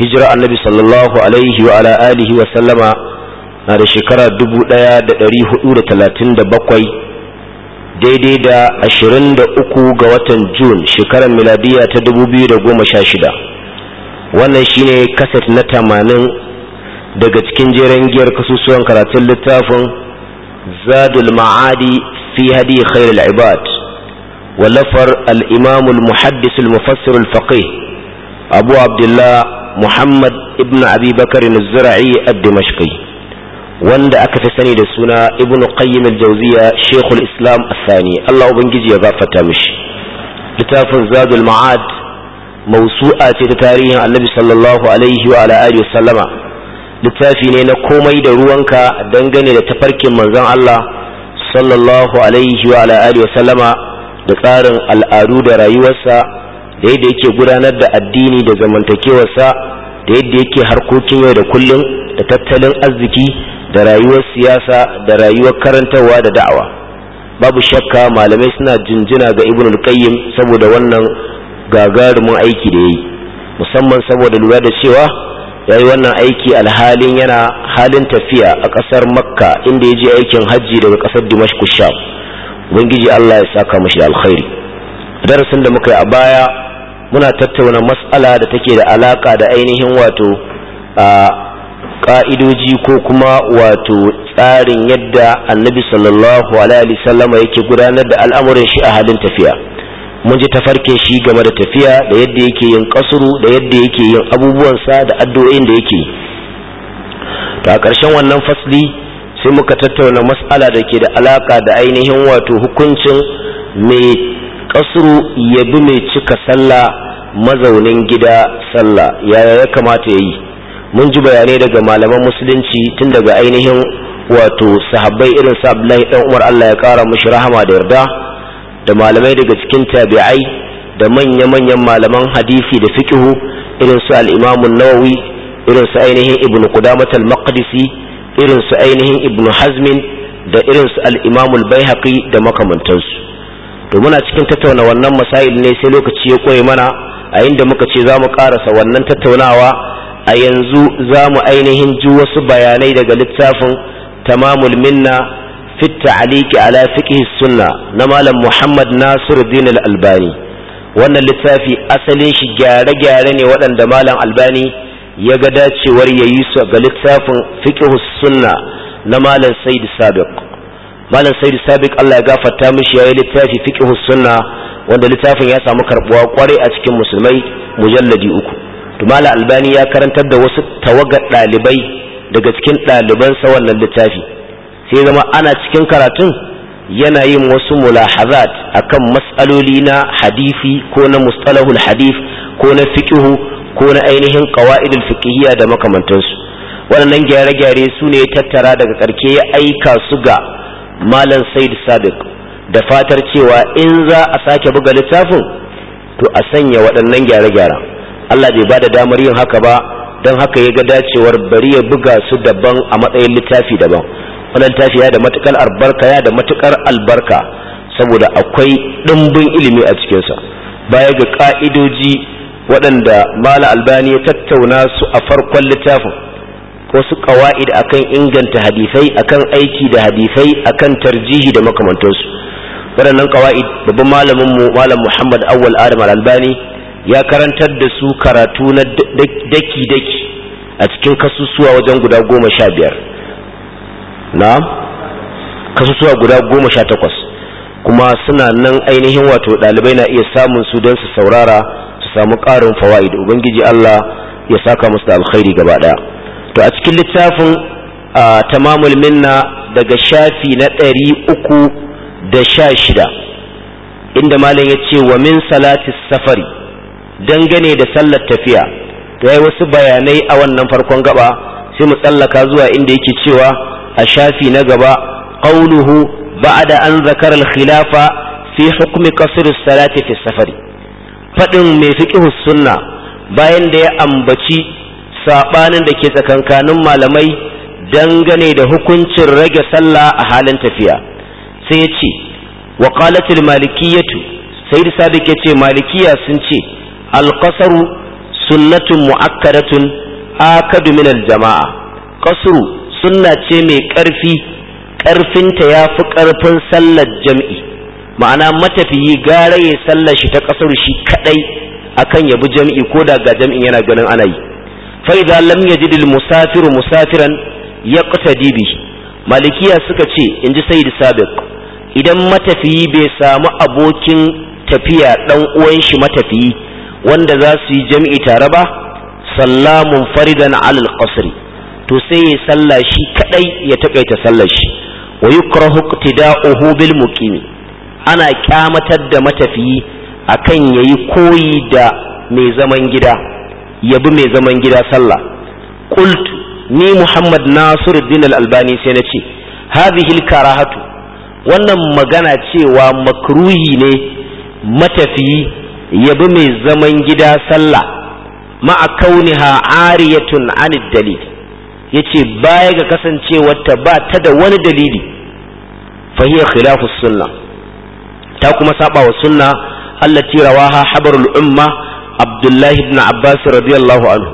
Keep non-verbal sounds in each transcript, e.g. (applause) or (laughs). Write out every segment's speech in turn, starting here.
hijira annabi sallallahu alaihi wa ala alihi wa sallama na da shekara 1437 daidai da ashirin uku ga watan Jun shekarar miladiya ta goma sha shida. wannan shine kaset na tamanin daga cikin jeren giyar kasusuwan karatun littafin zadul ma'adi fi hadi khairul ibad wallafar al-imam al-muhaddis al-mufassir abu abdullah muhammad ibn abi bakarin zura'i ad-dimashqi wanda aka fi sani da suna ibn qayyim al-jawziya shaykhul islam asani allah ubangiji ya gafarta mishi littafin zadul ma'ad mawsu'a ce ta tarihin annabi sallallahu alaihi wa ala alihi littafi ne na komai da ruwanka dangane da tafarkin manzon allah sallallahu alaihi wa ala alihi da tsarin al'adu da rayuwarsa da yadda yake gudanar da addini da zamantakewarsa da yadda yake harkokin yau da kullum da tattalin arziki da rayuwar siyasa da rayuwar karantarwa da da'awa babu shakka malamai suna jinjina ga ibn al-qayyim saboda wannan gagarumin aiki da yayi musamman saboda lura da cewa yayi wannan aiki alhalin yana halin tafiya a ƙasar makka inda ya je aikin hajji daga ƙasar dimashku sham ubangiji Allah ya saka mashi alkhairi darasin da muka yi a baya muna tattauna mas'ala da take da alaka da ainihin wato a ƙa'idoji ko kuma wato tsarin yadda annabi sallallahu alaihi sallama yake gudanar da al'amuran shi a halin tafiya mun ji tafarkin shi game da tafiya da yadda yake yin kasuru da yadda yake yin abubuwansa da addu'o'in da yake to a ƙarshen wannan fasli sai muka tattauna mas'ala da ke da alaka da ainihin wato hukuncin mai kasru ya bi mai cika sallah mazaunin gida sallah yaya ya kamata ya yi mun ji bayanai daga malaman musulunci tun daga ainihin wato sahabbai irin sa Abdullahi dan Umar Allah ya kara mushi rahama da yarda da malamai daga cikin tabi'ai da manya-manyan malaman hadisi da fiqhu irin su al-Imam nawawi irin su ainihin Ibn Qudamah al-Maqdisi irin su ainihin Ibn Hazm da irin su al-Imam al da makamantansu to muna cikin tattauna wannan masail ne sai lokaci ya koye mana a inda muka ce za mu karasa wannan tattaunawa a yanzu za mu ainihin ji wasu bayanai daga littafin tamamul minna fi ala fiqh sunna na malam muhammad nasiruddin al-albani wannan littafi asalin shi gyare-gyare ne waɗanda malam albani ya ga dacewar yayi su ga littafin fiqh sunna na malam sayyid sabiq malam saidu sabiq Allah ya gafarta mishi yi littafi fiqh sunna wanda littafin ya samu karbuwa kwarai a cikin musulmai mujalladi uku to malam albani ya karantar da wasu tawaga dalibai daga cikin ɗaliban sa wannan littafi sai zama ana cikin karatun yana yin wasu mulahazat akan mas'aloli na hadisi ko na mustalahul hadif, ko na fiƙihu, ko na ainihin qawaidul fiqhiyya da makamantansu waɗannan gyare-gyare su ne tattara daga karke ya aika su ga malam said sabiq da fatar cewa in za a sake buga littafin to a sanya waɗannan gyare gyare allah bai ba da damar yin haka ba don haka ya ga dacewar bari ya buga su daban a matsayin littafi daban wannan littafi ya da matukar albarka ya da matukar albarka saboda akwai ɗimbin ilimi a cikinsa baya ga ka'idoji waɗanda mala albani ya tattauna su a farkon littafin wasu ƙawa'id akan inganta hadisai akan aiki da hadisai akan tarjihi da makamantansu waɗannan ƙawa'id babban malamin mu malam Muhammad Awwal Adam Al-Albani ya karantar da su karatu na daki daki a cikin kasusuwa wajen guda goma sha biyar na kasusuwa guda goma sha takwas kuma suna nan ainihin wato ɗalibai na iya samun su don su saurara su samu ƙarin fawa'id ubangiji Allah ya saka musu da alkhairi gaba ɗaya to a cikin littafin tamamul minna daga shafi na ɗari uku da sha shida inda malam ya ce wa min salati safari dangane da sallar tafiya ya yi wasu bayanai a wannan farkon gaba sai mu tsallaka zuwa inda yake cewa a shafi na gaba qauluhu da an zakarar al-khilafa fi hukmi qasr salati fi safari fadin mai fiqh sunna bayan da ya ambaci sabanin da ke tsakankanin malamai dangane da hukuncin rage sallah a halin tafiya sai ya ce wa qalatil malikiyatu sai sabi ya ce malikiya sun ce alqasaru sunnatun mu'akkadatun akadu min aljama'a qasru sunna ce mai ƙarfi ƙarfinta ta yafi ƙarfin sallar jam'i ma'ana matafiyi gara ya sallar shi ta ƙasar shi kaɗai akan yabi jam'i ko da ga jam'in yana ganin ana yi fa idza lam yajid al musafir musafiran yaqtadi bi malikiya suka ce inji sayyid sabiq idan matafiyi bai samu abokin tafiya dan uwan shi matafiyi wanda za su yi jami'i tare ba sallamun faridan alal qasri to sai ya salla shi kadai ya takaita sallar shi wa yukrahu iqtida'uhu bil muqimi ana kyamatar da matafiyi akan yayi koyi da mai zaman gida yabi mai zaman gida sallah ƙultu ni muhammad nasiruddin al-albani sai na ce hadhihi karahatu wannan magana cewa makruhi ne matafiyi yabi mai zaman gida sallah ma'a kauniha ariyatun anid dalil yace baya ga kasancewarta ba ta da wani dalili fa hiya sunna ta kuma saba wa sunna allati rawaha habarul umma abdullahi ibn abbas radiyallahu anhu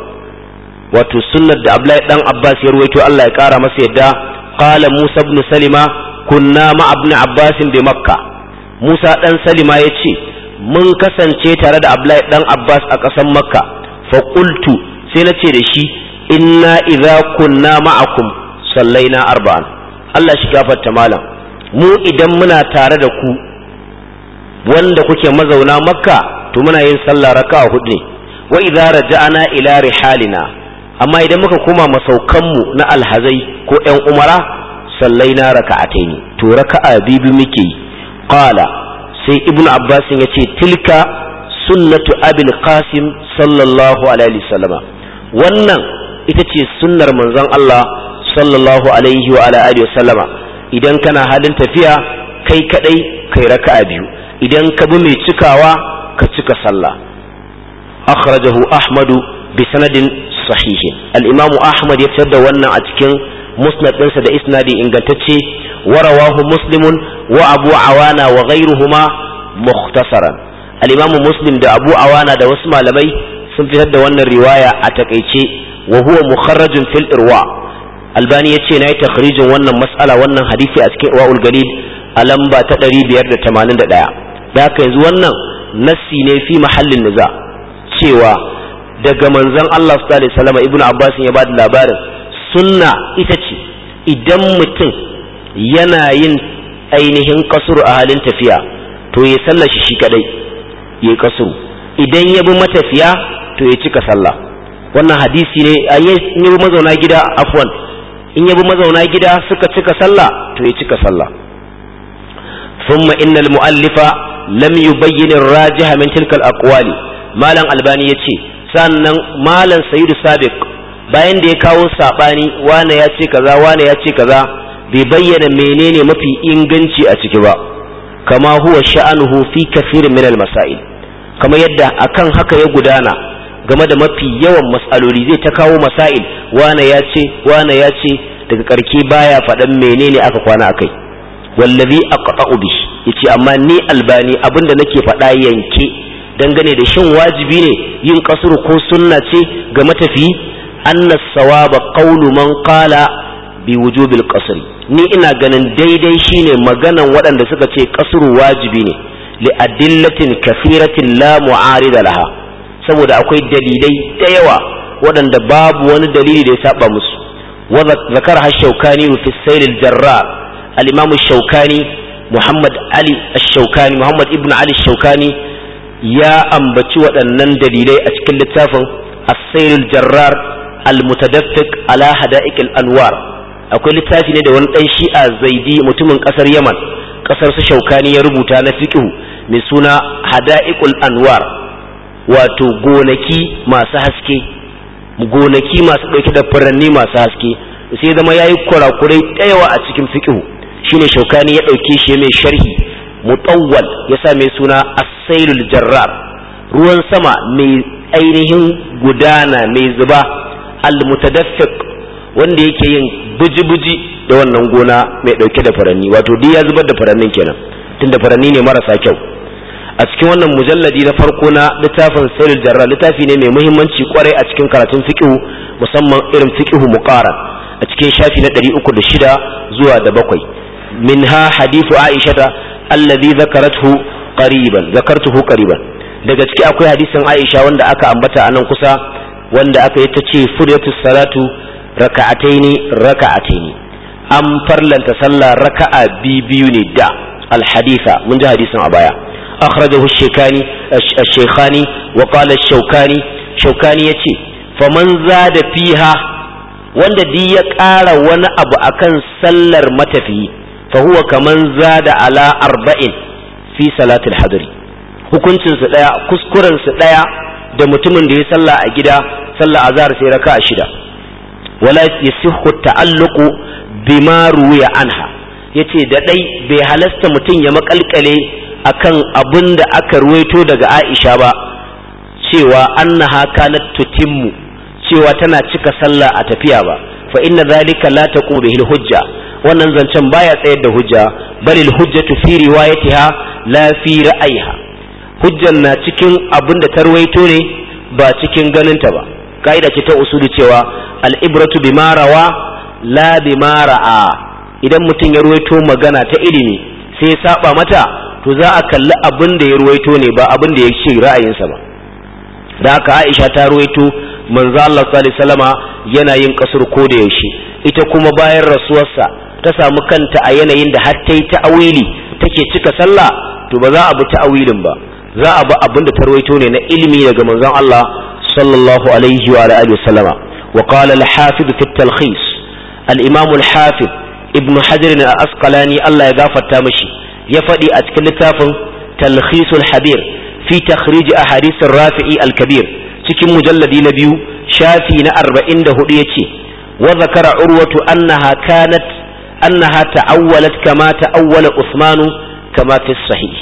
wato sunnar da abdullahi dan abbas ya ruwaito Allah ya kara masa yadda qala musa ibn salima kunna ma ibn abbas bi makka musa dan salima yace mun kasance tare da abdullahi dan abbas a ƙasar makka fa qultu sai nace da shi inna idza kunna ma'akum sallaina arba'an Allah shi gafarta malam mu idan muna tare da ku wanda kuke mazauna makka to muna yin sallah raka'a hudu ne wa idza raja'ana ila rihalina amma idan muka koma masaukan mu na alhazai ko ƴan umara sallaina raka'atayn to raka'a bibi muke yi kala sai ibnu abbas ya ce tilka sunnatu abil qasim sallallahu alaihi wasallama wannan ita ce sunnar manzon Allah sallallahu alaihi wa alihi wasallama idan kana halin tafiya kai kadai kai raka'a biyu idan ka bi mai cikawa ka cika sallah akhrajahu ahmadu bi sanadin sahihin al-imam ahmad ya fitar da wannan a cikin musnad ɗinsa da isnadi ingantacce wa rawahu muslimun wa abu awana wa ghayruhuma mukhtasaran al-imam muslim da abu awana da wasu malamai sun fitar da wannan riwaya a takaice wa huwa mukharrajun fil irwa albani yace nayi takhrijin wannan mas'ala wannan hadisi a cikin irwaul a lamba ta 581 da haka yanzu wannan nassi ne fi mahallin niza cewa daga manzon Allah sallallahu alaihi wasallam Ibn abbas ya bada labarin sunna ita ce idan mutum yana yin ainihin kasuru a halin tafiya to ya sallar shi shi kadai ya kasuru idan ya bi matafiya to ya cika sallah wannan hadisi ne a ya bi mazauna gida afwan in ya bi mazauna gida suka cika sallah to ya cika sallah ثم إن المؤلف lam yubayyin ar-rajih min tilkal aqwali malam albani yace sannan malam sayyid sabiq bayan da ya kawo sabani wane ya ce kaza wane ya ce kaza bai bayyana menene mafi inganci a ciki ba kama huwa sha'anuhu fi kathirin min al-masail kamar yadda akan haka ya gudana game da mafi yawan matsaloli zai ta kawo masail wane ya ce wane ya ce daga karki baya faɗan menene aka kwana akai wallazi aqta'u bihi yace amma ni albani abinda nake faɗa yanke dangane da shin wajibi ne yin kasuru ko sunna ce ga matafi anna sawaba qawlu man qala bi wujubil qasri ni ina ganin daidai shine maganan waɗanda suka ce kasuru wajibi ne li adillatin kafiratin la mu'arida laha saboda akwai dalilai da yawa waɗanda babu wani dalili da ya saba musu wa zakara shaukani fi sailil jarra al-imam shaukani Muhammad Ali ash Muhammad ibn Ali ash ya ambaci waɗannan dalilai a cikin littafin asairul Jarrar Al-Mutadaffiq ala Hada'iq al-Anwar akwai littafi ne da wani ɗan Shi'a Zaidi mutumin ƙasar Yaman ƙasar su Shawkani ya rubuta na fiqh mai suna Hada'iqul Anwar wato gonaki masu haske gonaki masu ɗauke da furanni masu haske sai zama yayi kurakurai da a cikin fiqh shine shaukani ya ɗauke shi mai sharhi mutawwal ya sa mai suna asailul jarrar ruwan sama mai ainihin gudana mai zuba al al-mutadaffiq wanda yake yin buji-buji da wannan gona mai ɗauke da furanni wato duk ya zubar da farannin kenan tunda furanni ne marasa kyau a cikin wannan mujalladi na farko na littafin sailul jarrar littafi ne mai muhimmanci kwarai a cikin karatun fiqhu musamman irin fiqhu muqaran a cikin shafi na 306 zuwa da bakwai minha hadithu aishata alladhi zakaratuhu qariban zakartuhu qariban daga ciki akwai hadisin aisha wanda aka ambata a nan kusa wanda aka yi ta ce furiyatu salatu raka'ataini raka'ataini an farlanta sallah raka'a biyu ne da alhadisa mun ji hadisin a baya akhrajahu shekani shekhani wa qala shaukani shaukani yace faman zada fiha wanda di ya ƙara wani abu akan sallar matafiyi fa huwa kaman zada ala arba'in fi salatul hadri hukuncin su daya da mutumin da ya sallah a gida sallah azhar sai a shida wala yasihu ta'alluqu bima ruwiya anha yace da dai bai halasta mutum ya makalkale akan abin da aka ruwaito daga Aisha ba cewa annaha kanat tutimmu cewa tana cika sallah a tafiya ba fa inna zalika la taqu bihi hujja wannan zancen baya tsayar da hujja balil hujjatu fi riwayatiha la fi ra'ayiha hujjan na cikin abin da tarwaito ne ba cikin ganinta ba ka'ida ce ta usuli cewa al'ibratu bi rawa la bi ra'a, idan mutum ya ruwaito magana ta ilimi sai ya saba mata to za a kalli abin da ya ruwaito ne ba abin da ya ce ra'ayinsa ba da haka Aisha ta ruwaito manzo Allah sallallahu alaihi wasallama yana yin kasur ko da yaushe ita kuma bayan rasuwarsa ta samu kanta a yanayin da har ta yi ta'awili take cika sallah to ba za a bi ta'awilin ba za a bi abinda ta rawaito ne na ilimi daga manzon Allah sallallahu alaihi wa alihi wasallama wa qala al-hafiz fi at-talkhis al-imam al-hafiz ibn hajar asqalani Allah ya gafarta mishi ya faɗi a cikin littafin talkhisul habir fi takhrij ahadith ar-rafi'i al-kabir cikin mujalladi na biyu shafi na 44 yace wa zakara urwatu annaha kanat annaha ta'awwalat kama ta'awwala Usmanu kama fi sahih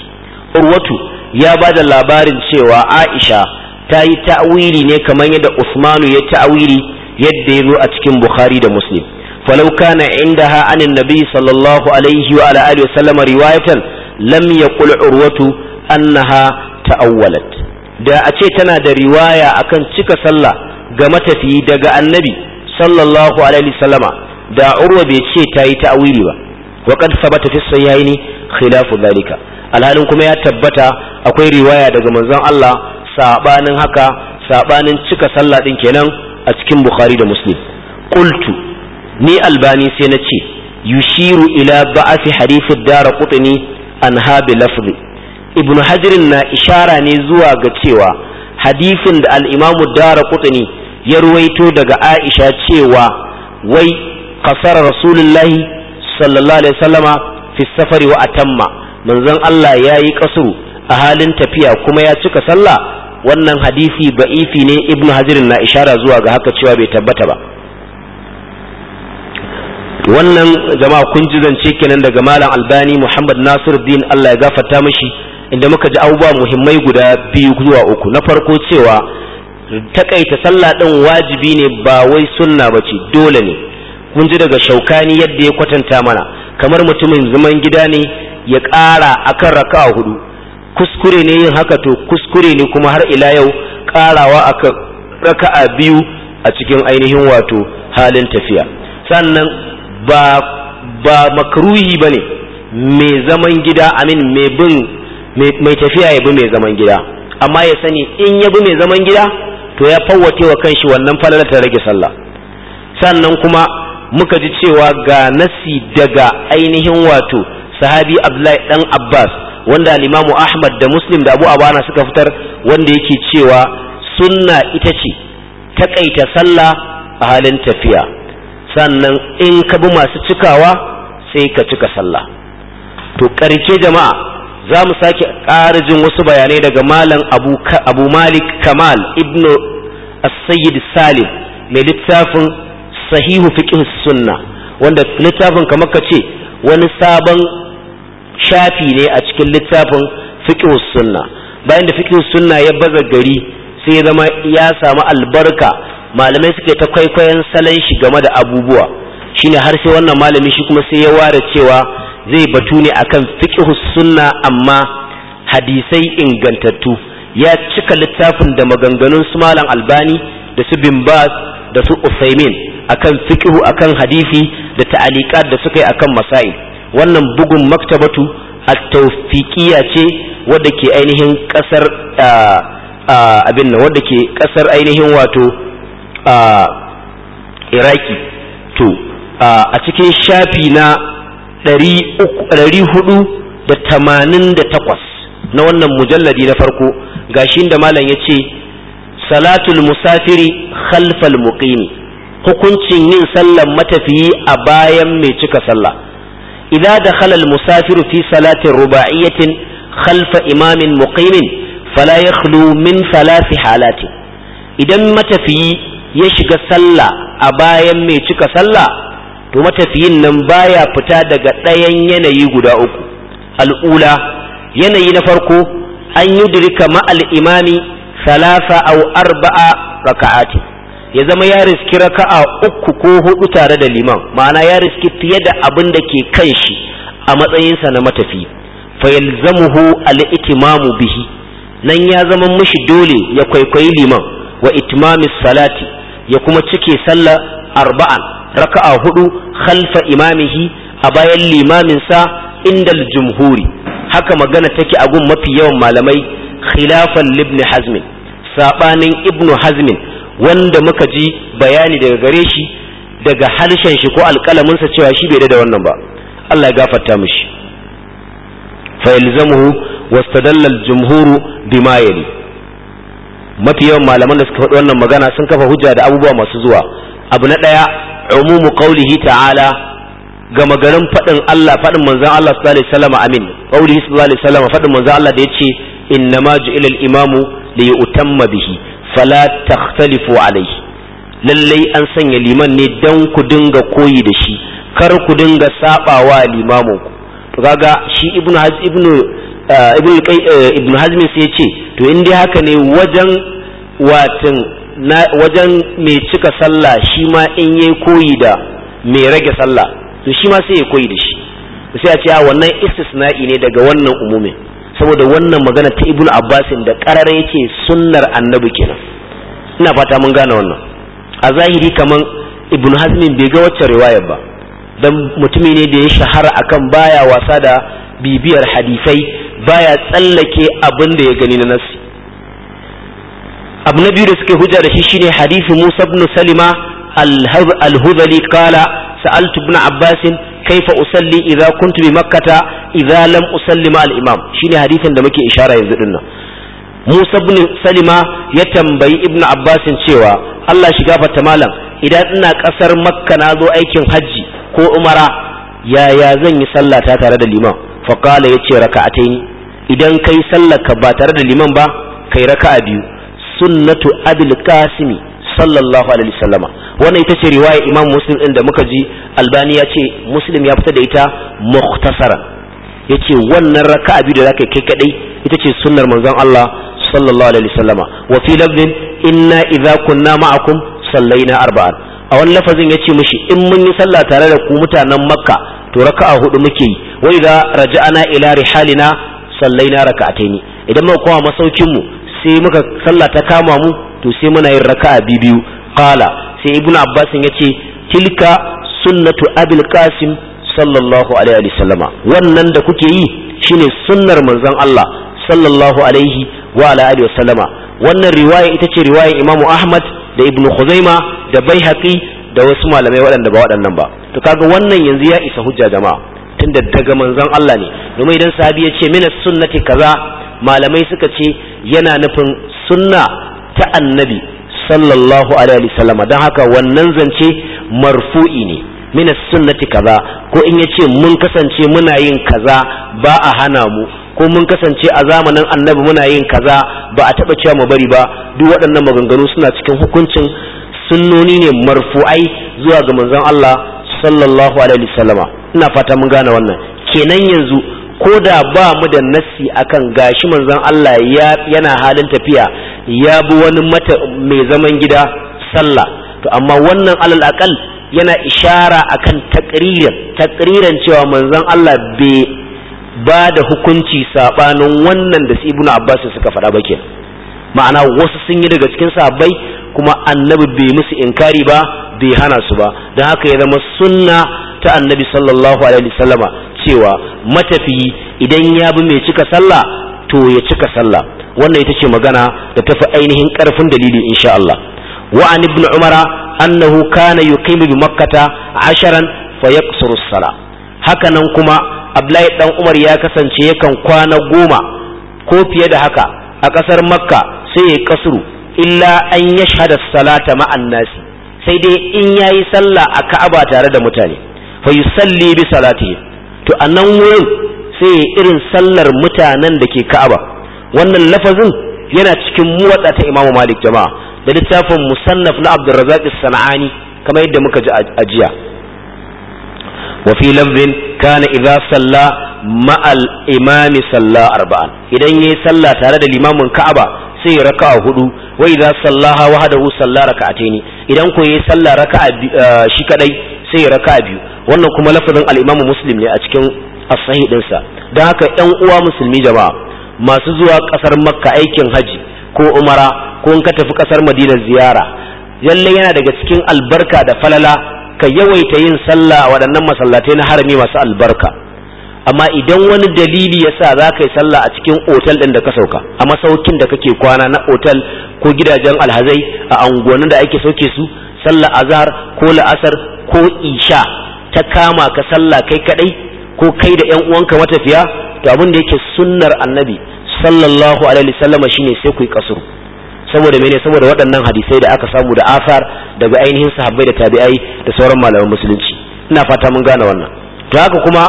Urwatu ya ba da labarin cewa Aisha ta yi ta'awili ne kamar yadda Usmanu ya ta'awili yadda ya zo a cikin Bukhari da Muslim Falauka na indaha anin nabi sallallahu alaihi wa alihi riwayatan lam yaqul urwatu annaha ta'awwalat da a ce tana da riwaya akan cika sallah ga matafiyi daga annabi sallallahu alaihi wasallama da urwa bai ce ta yi ta'awili ba wa kad sabata fi sahihaini khilafu dhalika alhalin kuma ya tabbata akwai riwaya daga manzon Allah sabanin haka sabanin cika sallah din kenan a cikin bukhari da muslim qultu ni albani sai na ce yushiru ila ba'asi hadithu dara qutni an habi lafzi ibn hajirin na ishara ne zuwa ga cewa hadisin da al-imamu dara qutni ya ruwaito daga aisha cewa wai kasara rasulullahi sallallahu alaihi wasallama fi safari wa atamma manzon Allah ya yi kasuru a halin tafiya kuma ya cika sallah wannan hadisi ba'ifi ne ibn hazirin na ishara zuwa ga haka cewa bai tabbata ba wannan jama'a kun ji zance kenan daga malam albani muhammad nasiruddin Allah ya gafarta mishi inda muka ji abubuwa muhimmai guda biyu zuwa uku na farko cewa takaita sallah din wajibi ne ba wai sunna bace dole ne mun ji daga shaukani yadda ya kwatanta mana kamar mutumin zaman gida ne ya ƙara akan a hudu kuskure ne yin haka to kuskure ne kuma har ila yau ƙarawa akan a biyu a cikin ainihin wato halin tafiya sannan ba ba makruhi bane mai zaman gida amin mai tafiya ya bi mai zaman gida amma ya sani in ya bi mai zaman gida to ya fawwace wa kanshi wannan falalar ta rage sallah sannan kuma muka ji cewa ga nasi daga ainihin wato sahabi abdullahi dan abbas wanda limamu ahmad da muslim da abu abana suka fitar wanda yake cewa sunna ita ce takaita sallah a halin tafiya sannan in ka bi masu cikawa sai ka cika sallah to karke jama'a za mu sake ƙarajin wasu bayanai daga malam abu, malik kamal ibnu as-sayyid salim mai littafin sahihu fiqh sunna wanda littafin kamar ka ce wani sabon shafi ne a cikin littafin fiqh sunna bayan da fiqh sunna ya baza gari sai ya zama ya samu albarka malamai suke ta kwaikwayon salon shi game da abubuwa shine har sai wannan malami shi kuma sai ya ware cewa zai batu ne akan fiqh sunna amma hadisai ingantattu ya cika littafin da maganganun su malam albani da su bin da su usaimin akan fiqhu akan hadisi da ta'aliqat da suka yi akan masail wannan bugun maktabatu at-tawfiqiyya ce wadda ke ainihin kasar abin nan wadda ke kasar ainihin wato iraki to a cikin shafi na 488 na wannan mujalladi na farko gashin da malam ya ce salatul musafiri khalfal muqimi hukuncin yin sallan matafiyi a bayan mai cika sallah idza dakhala al-musafir fi salatin ruba'iyatin khalfa imamin muqimin fala yakhlu min thalathi halati idan matafiyi ya shiga sallah a bayan mai cika sallah to matafiyin nan baya fita daga ɗayan yanayi guda uku al'ula yanayi na farko an yudrika ma'al imami thalatha aw arba'a raka'atin ya zama ya riski raka'a uku ko hudu tare da liman ma'ana ya riski fiye da abin da ke kan shi a matsayinsa na matafi fa yalzamuhu al-itimamu bihi nan ya zama mishi dole ya kwaikwayi liman wa itmami salati ya kuma cike sallah arba'an raka'a hudu khalfa imamihi a bayan limamin sa indal jumhuri haka magana take a gun mafi yawan malamai khilafan libni hazmin sabanin ibnu hazmin wanda muka ji bayani daga gare shi daga harshen shi ko alƙalaminsa cewa shi bai da wannan ba Allah ya gafarta mishi fa yalzamuhu wastadalla al-jumhuru bima yali mafi yawan malaman da suka faɗi wannan magana sun kafa hujja da abubuwa masu zuwa abu na ɗaya umumu qaulihi ta'ala gama garin faɗin Allah faɗin manzon Allah sallallahu alaihi wasallam amin qaulihi sallallahu alaihi wasallam faɗin manzon Allah da yace innama ju'ila al-imamu li bihi fala takhtalifu alai lallai an sanya liman ne dan ku dinga koyi da shi kar ku dinga sabawa limamin ku to kaga shi ibnu haz ibnu uh, ibnu uh, ibnu sai ce to in dai haka ne wajen watin wajen mai cika sallah shi ma in yayi koyi da mai rage sallah to shi ma sai ya koyi da shi sai a ce wannan istisna'i ne daga wannan umumin saboda wannan magana ta ibnu abbasin da karara yake sunnar annabi kenan ina fata mun gane wannan a zahiri kaman ibnu hazmin bai ga wacce riwayar ba dan mutumi ne da ya shahara akan baya wasa da bibiyar hadisai baya tsallake abin da ya gani na nasi abu na da suke hujja da shi shine hadisi musa ibn salima al-hudhali qala sa'altu ibn abbasin kaifa usalli idza kuntu bi makkata idza lam usalli ma al-imam shine hadisin da muke ishara yanzu din nan Musa ibn Salima ya tambayi ibnu Abbas cewa Allah shi gafarta malam idan ina kasar Makka na zo aikin haji ko umara yaya zan yi sallah ta tare da liman fa qala yace raka'ataini idan kai sallar ka ba tare da liman ba kai raka'a biyu sunnatu abil qasimi sallallahu alaihi wasallama wannan ita ce riwaya imam muslim din da muka ji albani ya ce muslim ya fita da ita muktasara ya ce wannan raka'a biyu da zaka kai kadai ita ce sunnar manzon Allah sallallahu alaihi wasallama wa fi lafzin inna idza kunna ma'akum sallaina arba'an a wani lafazin ya ce mishi in mun yi sallah tare da ku mutanen makka to raka'a hudu muke yi wa idza raja'ana ila rihalina sallaina raka'ataini idan muka koma masaukin mu sai muka sallah ta kama mu to sai muna yin raka'a biyu qala sai ibnu abbas ce tilka sunnatu abil qasim sallallahu alaihi wa sallama wannan da kuke yi shine sunnar manzon Allah sallallahu alaihi wa ala alihi wa sallama wannan riwaya ita ce riwaya imamu ahmad da ibnu khuzaima da baihaqi da wasu malamai waɗanda ba waɗannan ba to kaga wannan yanzu ya isa hujja jama'a tunda daga manzon Allah ne domin idan sahabi ya ce mina sunnati kaza malamai suka ce yana nufin sunna ta annabi sallallahu alaihi wasallam don haka wannan zance marfu'i ne min sunnati kaza ko in yace mun kasance muna yin kaza ba a hana mu ko mun kasance a zamanin annabi muna yin kaza ba a taba cewa mu bari ba duk waɗannan maganganu suna cikin hukuncin sunnoni ne marfu'ai zuwa ga manzon Allah sallallahu alaihi wasallama ina fata mun gane wannan kenan yanzu ko da ba mu da nassi akan gashi manzon Allah yana halin tafiya ya bi wani mata mai zaman gida sallah to amma wannan alal aqal yana ishara akan takririn takririn cewa manzon Allah bai ba da hukunci sabanin wannan da Ibnu Abbas suka faɗa ba ke, ma'ana wasu sun yi daga cikin sahabbai kuma annabi bai musu inkari ba bai hana su ba don haka ya zama sunna ta annabi sallallahu alaihi wasallama cewa matafiyi idan ya bi mai cika sallah to ya cika sallah wannan ita ce magana da tafi ainihin karfin dalili insha Allah wa an ibn umara annahu kana yuqimu bi makkata asharan fa yaqsuru as-sala haka nan kuma abdullahi dan umar ya kasance yakan kwana goma ko fiye da haka a kasar makka sai ya kasuru illa an yashhada as-salata ma'an nasi sai dai in yayi sallah a ka'aba tare da mutane fa yusalli bi salatihi to a nan wurin sai irin sallar mutanen da ke Ka'aba wannan lafazin yana cikin muwadda ta Imam Malik jama'a da littafin Musannaf na Abdurrazzaq As-Sanani yadda muka ji a jiya wa fi lafzin kana idza salla ma'al imami salla arba'an idan yayi sallah tare da limamin Ka'aba sai raka'a hudu wa idza sallaha wahdahu salla raka'ataini idan ko yayi sallah raka'a eh, shi kadai sai raka'a biyu wannan kuma lafazin al'imamu musulmi ne a cikin asahi ɗinsa don haka ‘yan uwa musulmi jama'a masu zuwa ƙasar makka aikin haji ko umara ko in ka tafi ƙasar madina ziyara Yalle yana daga cikin albarka da falala ka yawaita yin sallah a waɗannan masallatai na harami masu albarka amma idan wani dalili ya sa za ka yi sallah a cikin otal ɗin da ka sauka a masaukin da kake kwana na otal ko gidajen alhazai a anguwannin da ake sauke su sallah azhar ko la'asar ko isha ta kama ka sallah kai kadai ko kai da yan uwanka matafiya to abin da yake sunnar annabi sallallahu alaihi wasallam shine sai ku yi kasur saboda mene saboda waɗannan hadisai da aka samu da asar daga ainihin sahabbai da tabi'ai da sauran malaman musulunci ina fata mun gane wannan to haka kuma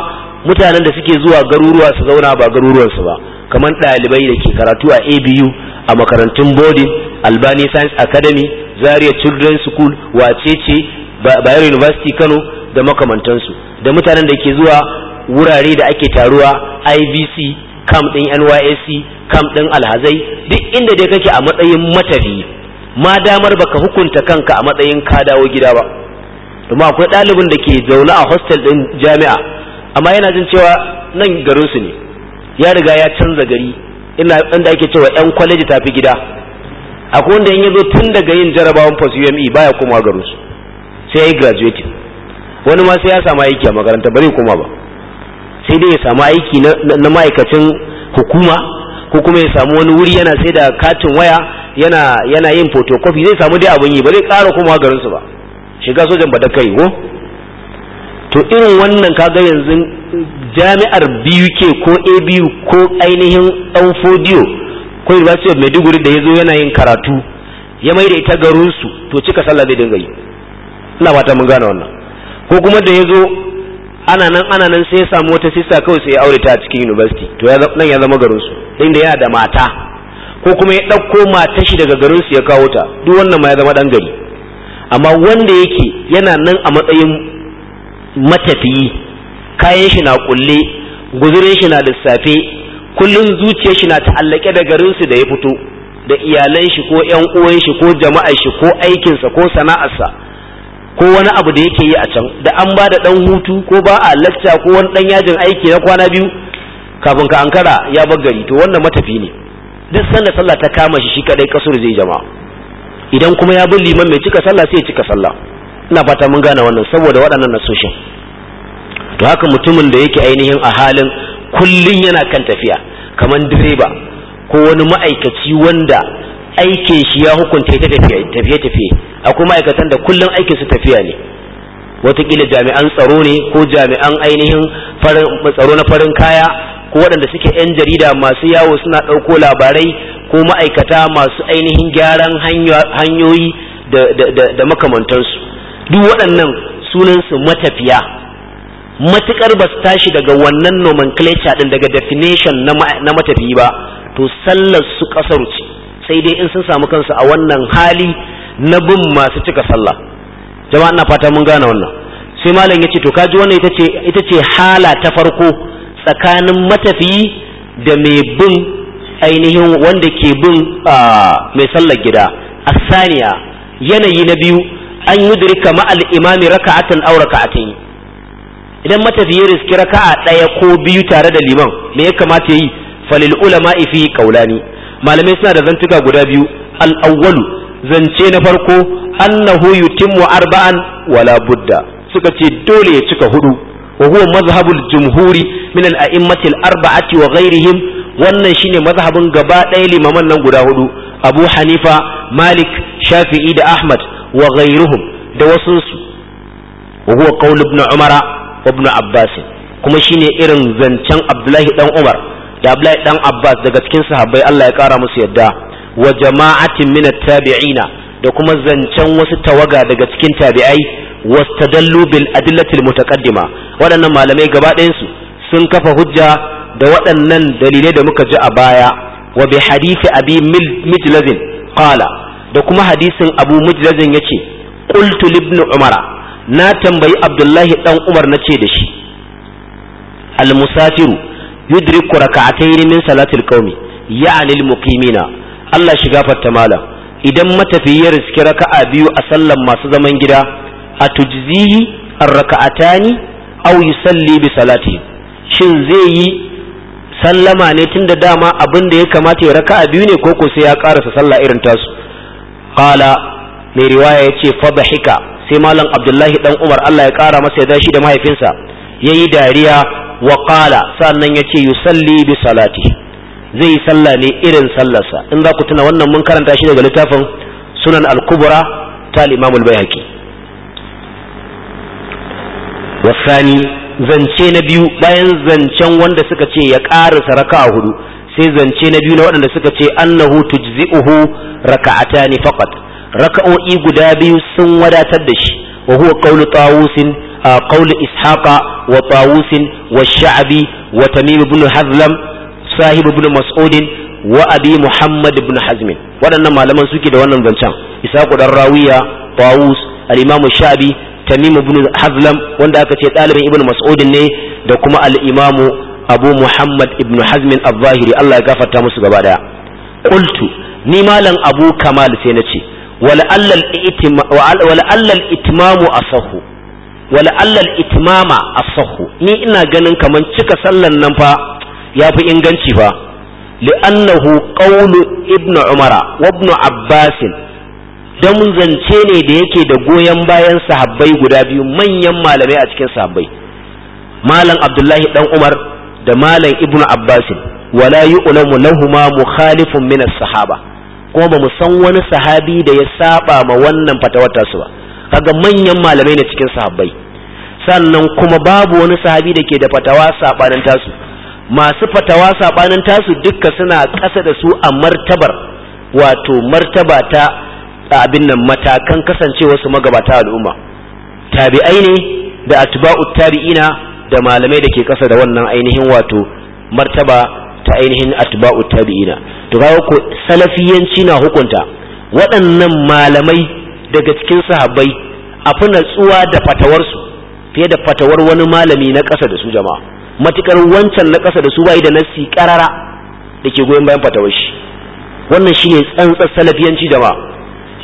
mutanen da suke zuwa garuruwa su zauna ba garuruwansu ba kamar ɗalibai da ke karatu a abu a makarantun boarding albani science academy zaria children's school wacece bayero university kano da makamantansu da mutanen da ke zuwa wurare da ake taruwa ibc camp ɗin nysc camp ɗin alhazai duk inda dai kake a matsayin matafi ma damar baka hukunta kanka a matsayin ka dawo gida ba ma akwai ɗalibin da ke zaune a hostel din jami'a amma yana jin cewa nan garinsu ne ya riga ya canza gari inda ake cewa 'yan kwaleji tafi gida akwai wanda in ya zo tun daga yin jarabawan post ume baya koma garinsu sai ya yi graduating wani ma sai ya samu aiki a makaranta ba zai koma ba sai dai ya samu aiki na ma'aikacin hukuma ko kuma ya samu wani wuri yana sai da katin waya yana yana yin photocopy zai samu dai abin yi ba zai ƙara garin garinsu ba shiga sojan ba da kai ko to irin wannan kaga yanzu jami'ar BUK ko ABU ko ainihin ɗan fodiyo ko University of Maiduguri da ya zo yana yin karatu ya mai da ita garinsu to cika sallah zai dinga yi ina fata mun gane wannan ko kuma da ya zo ana nan ana nan sai ya samu wata sista kawai sai ya aure ta a cikin university to nan ya zama garinsu inda yana da mata ko kuma ya ɗauko matar shi daga garinsu ya kawo ta duk wannan ma ya zama ɗan gari amma wanda yake yana nan a matsayin matafiyi kayan shi na kulle guzurin shi na lissafe kullun zuciyar shi na ta'allake da garinsu da ya fito da iyalan shi ko ƴan uwan shi ko jama'ar shi ko aikinsa ko sana'arsa ko wani abu da yake yi a can da an ba da ɗan hutu ko ba a lacca ko wani ɗan yajin aiki na kwana biyu kafin ka ankara ya bar gari to wannan matafi ne duk sanda sallah ta kama shi shi kadai kasur zai jama'a idan kuma ya bi liman mai cika sallah sai ya cika sallah ina fata mun gane wannan saboda waɗannan nasoshin to haka mutumin da yake ainihin a halin kullun yana kan tafiya kamar direba ko wani ma'aikaci wanda aikin shi ya hukunta ta tafiye tafiye akwai ma'aikatan da kullum aikin su tafiya ne watakila jami'an tsaro ne ko jami'an ainihin tsaro na farin kaya ko waɗanda suke 'yan jarida masu yawo suna ɗauko labarai ko ma'aikata masu ainihin gyaran hanyoyi da makamantansu duk waɗannan sunansu matafiya matuƙar ba su tashi daga wannan nomenclature ɗin daga definition na matafiyi ba to sallar su ƙasar ce sai dai in sun samu kansu a wannan hali na bin masu cika sallah jama'a na fata mun gane wannan sai malam ya ce to kaji wannan ita ce hala ta farko tsakanin matafiyi da mai bin ainihin wanda ke bin mai sallar gida asaniya yanayi na biyu an yi yudrika ma'al imami raka'atan aw raka'atayn idan ya riski raka'a ɗaya ko biyu tare da liman me ya kamata ya yi falil ulama fi qaulani malamai suna da zantuka guda biyu al zance na farko annahu yutimmu arba'an wala budda suka ce dole ya cika hudu wa huwa mazhabul jumhuri min al-a'immati arbaati wa ghairihim wannan shine mazhabin gaba ɗaya limaman nan guda hudu Abu Hanifa Malik Shafi'i da Ahmad wa ghairuhum da wasu su wa huwa qaul ibn Umara wa ibn Abbas kuma shine irin zancen Abdullahi dan Umar da Abdullahi dan Abbas daga cikin sahabbai Allah ya kara musu yadda wa jama'atin min tabi'ina da kuma zancen wasu tawaga daga cikin tabi'ai wastadallu bil adillatil mutaqaddima waɗannan malamai gaba su sun kafa hujja da waɗannan dalilai da muka ji a baya wa bi hadisi abi mijlazin qala da kuma hadisin abu mijlazin yace qultu ibn umara na tambayi abdullahi dan umar nace da shi al musafiru yudriku raka'atayn min salatil qaumi ya'ni al Allah shiga gafarta malam idan matafiyi ya riski raka'a biyu a sallan masu zaman gida a tujzihi ar-raka'atani aw yusalli bi salatihi shin zai yi sallama ne tunda dama abin da ya kamata ya raka'a biyu ne ko kusa ya karasa sallah irin tasu qala mai riwaya yace fadhika sai malam Abdullahi ɗan Umar Allah ya ƙara masa ya dashi da mahaifinsa ya yi dariya wa qala sannan yace yusalli bi salati zai yi sallah ne irin sallarsa in za ku tuna wannan mun karanta shi daga littafin sunan al-kubra ta al-imam al-bayhaqi wasani zance na biyu bayan zancen wanda suka ce ya ƙarasa raka'a hudu sai zance na biyu na waɗanda suka ce annahu tujzi'uhu raka'atani faqat raka'o'i guda biyu sun wadatar da shi wa huwa qawlu tawusin qawlu ishaqa wa tawusin wa sha'bi wa tamim ibn hazlam sahib ibn mas'udin wa abi muhammad ibn hazm waɗannan malaman suke da wannan zancen ishaqu dan rawiya tawus al-imam sha'bi tamim ibn wanda aka ce ɗalibin ibn mas'udin ne da kuma al-imam abu muhammad ibn hazm al Allah ya gafarta musu gaba daya qultu ni malam abu kamal sai na ce wala'allal itimamu a sahu wala'allal itimama a sahu ni ina ganin kamar cika sallan nan fa ya fi inganci fa li'annahu qawlu ibnu umara wa ibnu abbasin dan zance ne da yake da goyon bayan sahabbai guda biyu manyan malamai a cikin sahabbai malam abdullahi dan umar da malam ibnu abbasin wala yu'lamu lahuma mukhalifun min as-sahaba kuma ba mu san wani sahabi da ya saba ma wannan fatawar tasu ba kaga manyan malamai ne cikin sahabbai sannan kuma babu wani sahabi da ke da fatawa sabanin tasu masu fatawa sabanin tasu dukka suna ƙasa da su a martabar wato martaba ta abin nan matakan kasancewa su magabata al'umma tabi'ai ne da atba'u tabi'ina da malamai da ke ƙasa da wannan ainihin wato martaba ta ainihin atba'u tabi'ina to ga ko salafiyanci na hukunta waɗannan malamai daga cikin sahabbai a fi natsuwa da fatawarsu fiye da fatawar wani malami na ƙasa da su jama'a matukar wancan na ƙasa da su bai da nasi ƙarara da ke goyon bayan fatawar shi wannan shine tsantsar salafiyanci jama'a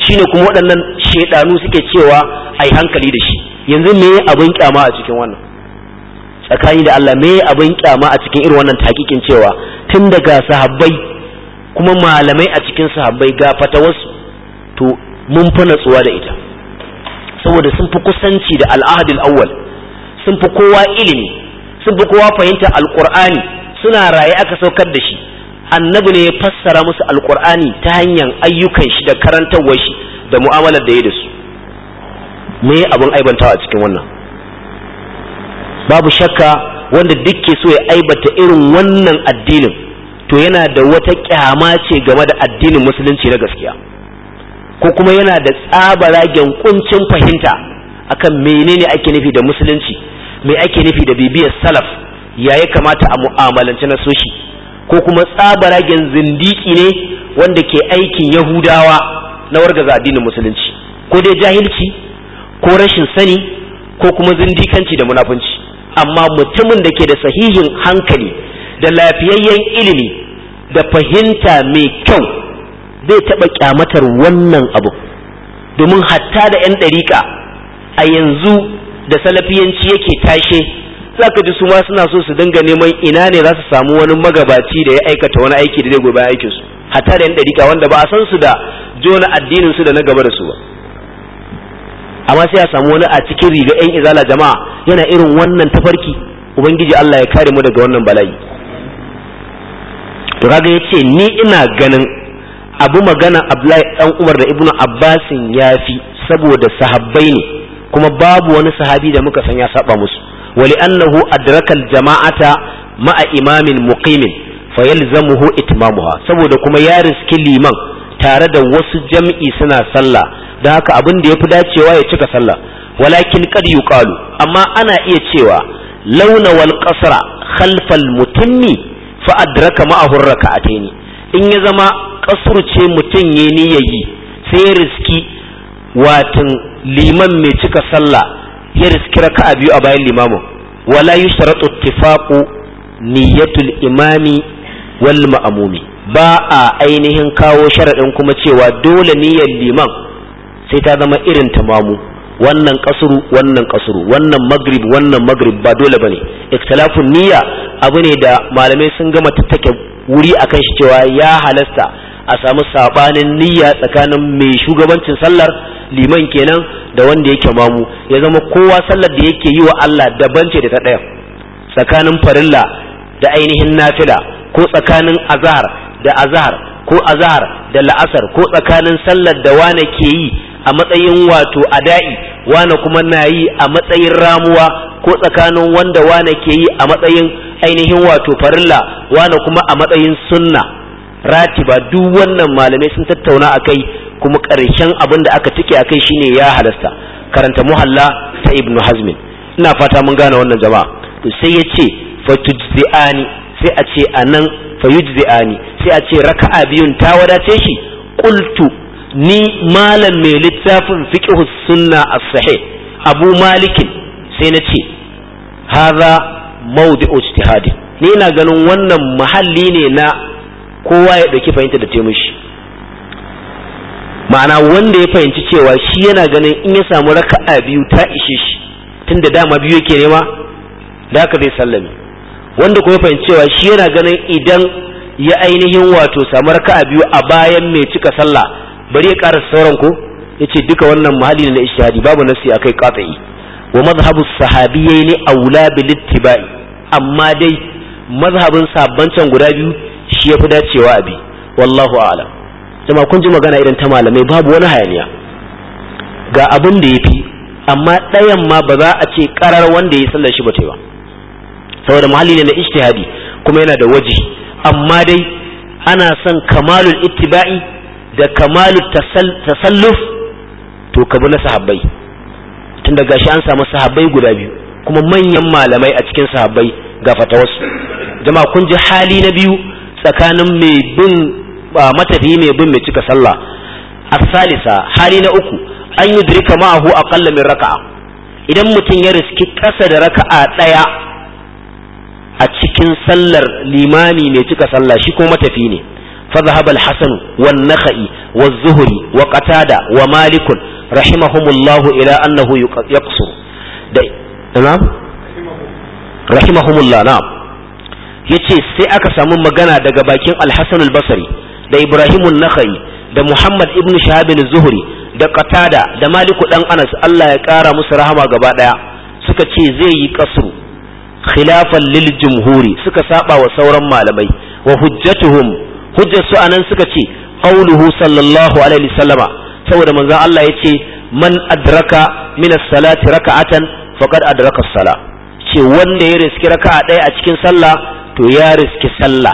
shine kuma waɗannan shedanu suke cewa ai hankali da shi yanzu me abin kyama a cikin wannan tsakani da Allah me abin kyama a cikin irin wannan takikin cewa tun daga sahabbai kuma malamai a cikin sahabbai ga fatawarsu to mun fi natsuwa da ita saboda sun fi kusanci da al'ahadul awwal sun fi kowa ilimi sun fi kowa fahimta alqur'ani suna raye aka saukar da shi annabi ne ya fassara musu alqur'ani ta hanyar ayyukan shi da karantarwar shi da mu'amalar da ya da su me abin aibantawa a cikin wannan babu shakka wanda duk ke so ya aibata irin wannan addinin to yana da wata kyama ce game da addinin musulunci na gaskiya ko kuma yana da tsabaragen kuncin fahimta akan menene ake nufi da musulunci mai ake nufi da bibiyar salaf ya ya kamata a mu'amalanci na soshi ko kuma tsabaragen zindiki ne wanda ke aikin yahudawa na wargaza addinin musulunci ko dai jahilci ko rashin sani ko kuma zindikanci da munafunci amma mutumin da ke da sahihin hankali da lafiyayyen ilimi da fahimta mai kyau zai taɓa kyamatar wannan abu domin hatta da 'yan ɗariƙa a yanzu da salafiyanci yake tashe za ka ji su ma suna so su dinga neman ina ne za su samu wani magabaci da ya aikata wani aiki da zai goyi aikinsu hatta da 'yan ɗariƙa wanda ba a san su da jona addinin su da na gaba da su ba amma sai a samu wani a cikin riga yan izala jama'a yana irin wannan tafarki ubangiji Allah ya kare mu daga wannan bala'i to kaga yace ni ina ganin abu magana Abdullahi dan Umar da Ibnu Abbasin yafi saboda sahabbai ne kuma babu wani sahabi da muka san ya saba musu wali annahu adraka jama'ata ma'a imamin muqimin fayalzamuhu itmamuha saboda kuma ya riski liman tare da wasu jam'i suna sallah da haka abin da ya fi dacewa ya cika sallah walakin kad yuqalu amma ana iya cewa launa wal qasra khalfal mutimmi fa adraka ma'ahu raka'ataini in ya zama kasur ce mutum ya yi sai riski watan liman mai cika sallah ya riski raka'a biyu a bayan limamin wala yushtaratu ittifaqu niyyatul imami wal ma'mumi ba a ainihin kawo sharadin kuma cewa dole niyyar liman sai ta zama irin ta mamu wannan kasuru wannan kasuru wannan magrib wannan magrib ba dole bane ikhtilafun niyya abu ne da malamai sun gama tattake wuri akan shi cewa ya halasta a samu sabanin niyya tsakanin mai shugabancin sallar liman kenan da wanda yake mamu ya zama kowa sallar da yake yi wa Allah daban ce da ta ɗaya tsakanin farilla da ainihin nafila ko tsakanin azhar da azhar ko azhar da la'asar ko tsakanin sallar da wane ke yi a matsayin wato ada'i wane kuma na yi a matsayin ramuwa ko tsakanin wanda wane ke yi a matsayin ainihin wato farilla wane kuma a matsayin sunna ratiba duk wannan malamai sun tattauna a kai kuma ƙarshen abin da aka cike a kai shine ya halasta karanta muhalla ta ibn hazmin ina fata mun gane wannan jama'a sai ya ce fatujzi'ani sai a ce anan fayujzi'ani sai a ce raka'a biyun ta wadace shi qultu ni malam mai littafin fiqh sunna as-sahih abu malik sai na ce hadha mawdi'u ijtihadi ni ina ganin wannan mahalli ne na kowa ya dauki fahimta da ta mishi ma'ana wanda ya fahimci cewa shi yana ganin in ya samu raka'a biyu ta ishe shi tunda dama biyu yake nema da ka zai sallame wanda kuma fahimci cewa shi yana ganin idan ya ainihin wato samu raka'a biyu a bayan mai cika sallah bari ya ƙara sauran ko yace duka wannan muhalli na ishtihadi babu nasi akai qati'i wa madhhabu ne aula bil ittiba'i amma dai mazhabin sabbancan guda biyu shi yafi dacewa abi wallahu a'lam jama'a kun ji magana idan ta malamai babu wani hayaniya ga abin da yafi amma ɗayan ma ba za a ce karar wanda ya sallar shi ba ta ba saboda muhalli ne na ijtihadi kuma yana da waje amma dai ana son kamalul ittiba'i da kamalu tasalluf to ka bi na sahabbai tun daga shi an samu sahabbai guda biyu kuma manyan malamai a cikin sahabbai ga fatawarsu jama'a kun ji hali na biyu tsakanin mai bin matafi mai bin mai cika sallah salisa hali na uku an yi dirka ma'ahu kalla min raka'a idan mutum ya riski ƙasa da raka'a ɗaya a cikin sallar limami mai cika sallah shi kuma matafi ne فذهب الحسن والنخعي والزهري وقتادة ومالك رحمهم الله إلى أنه يقصر نعم رحمهم الله نعم yace sai aka samu magana daga bakin al-Hasan basri da Ibrahim an-Nakhai da Muhammad ibn Shahab Zuhuri zuhri da Qatada da maliku dan Anas Allah ya kara musu rahama gaba daya suka ce zai yi kasru khilafan lil jumhuri suka saba wa sauran malamai wa hujjatuhum hujjar su anan suka ce qauluhu sallallahu alaihi wasallama saboda manzo Allah yace man adraka min as-salati raka'atan faqad adraka as-sala ce wanda ya riski raka'a ɗaya a cikin sallah to ya riski sallah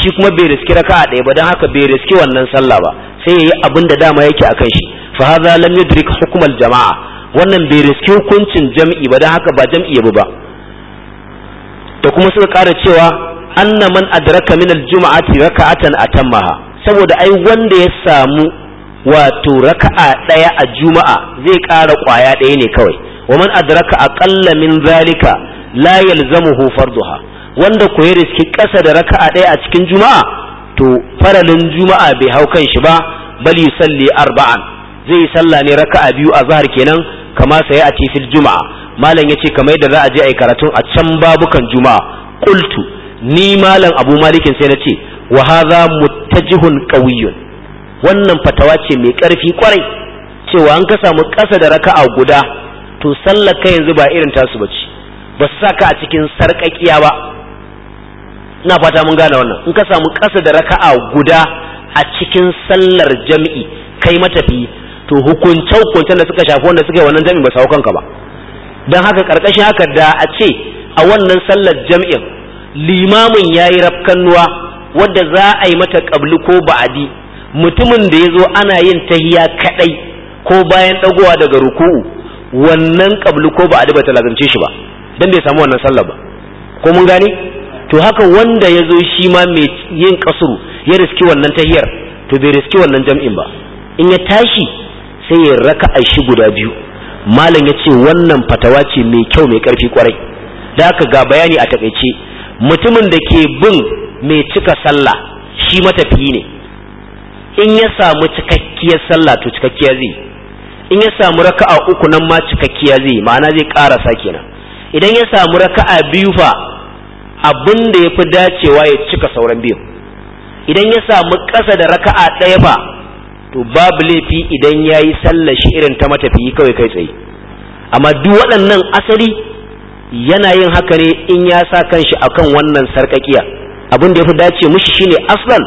shi kuma bai riski raka'a ɗaya ba don haka bai riski wannan sallah ba sai yayi abin da dama yake akan shi fa hadha lam yudrik hukm al-jama'a wannan bai riski hukuncin jam'i ba don haka ba jam'i ba da kuma suka ƙara cewa anna man adraka min aljum'ati raka'atan atammaha saboda ai wanda ya samu wato raka'a daya a juma'a zai ƙara kwaya daya ne kawai wa man adraka aqalla min zalika la yalzamuhu farduha wanda ko ya riski ƙasa da raka'a daya a cikin juma'a to faralin juma'a bai hau kan shi ba bal yusalli arba'an zai salla ne raka'a biyu a zahar kenan kama sai a ce juma'a malam yace kamar yadda za a je a yi karatun a can babukan juma'a qultu ni malam abu malikin sai na ce wa haza muttajihun qawiyyun wannan fatawa ce mai ƙarfi kwarai cewa an ka samu ƙasa da raka'a guda to sallar ka yanzu ba irin tasu bace ba su saka a cikin sarƙaƙiya ba ina fata mun gane wannan in ka samu kasa da raka'a guda a cikin sallar jami'i kai matafi to hukunce hukuncen da suka shafi wanda suka yi wannan jami'i ba sa kanka ba don haka ƙarƙashin haka da a ce a wannan sallar jami'in limamin ya yi rafkannuwa wadda za a yi mata ƙabli ko ba'adi mutumin da ya zo ana yin tahiya kaɗai ko bayan ɗagowa daga ruku'u wannan ƙabli ko ba'adi ba ta lazimce shi ba don bai samu wannan sallah ba ko mun gane to haka wanda ya zo shi ma mai yin kasuru ya riski wannan tahiyar to bai riski wannan jam'in ba in ya tashi sai ya raka shi guda biyu malam ya ce wannan fatawa ce mai kyau mai ƙarfi kwarai da haka ga bayani a takaice mutumin da ke bin mai cika sallah shi matafiyi ne in ya samu cikakkiyar sallah to cikakkiya zai in ya samu raka'a uku nan ma cikakkiya zai ma'ana zai karasa kenan idan ya samu raka'a biyu fa abin da ya fi dacewa ya cika sauran biyu idan ya samu ƙasa da raka'a ɗaya fa to babu laifi idan ya yi sallah shi irin ta matafiyi kawai kai tsaye amma duk waɗannan asali yana yin haka ne in ya sa kanshi akan wannan sarkakiya abin da ya fi dace mishi shine aslan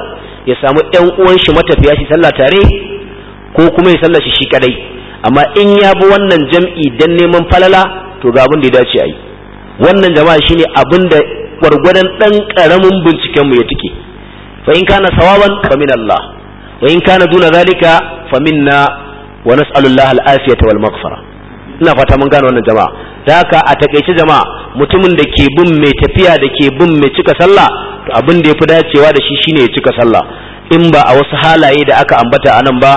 ya samu ƴan uwan shi matafiya shi sallah tare ko kuma ya sallah shi shi kadai amma in ya bi wannan jam'i dan neman falala to ga abin da ya dace a yi. wannan jama'a shine abin da gwargwadon ɗan ƙaramin binciken mu ya tike fa in kana sawaban fa min Allah wa in kana duna zalika fa minna wa nas'alullaha al-afiyata wal maghfirah ina fata mun gane wannan jama'a da haka a takaice jama'a mutumin da ke bin mai tafiya da ke bin mai cika sallah to abin da yafi dacewa da shi shine ya cika sallah in ba a wasu halaye da aka ambata a nan ba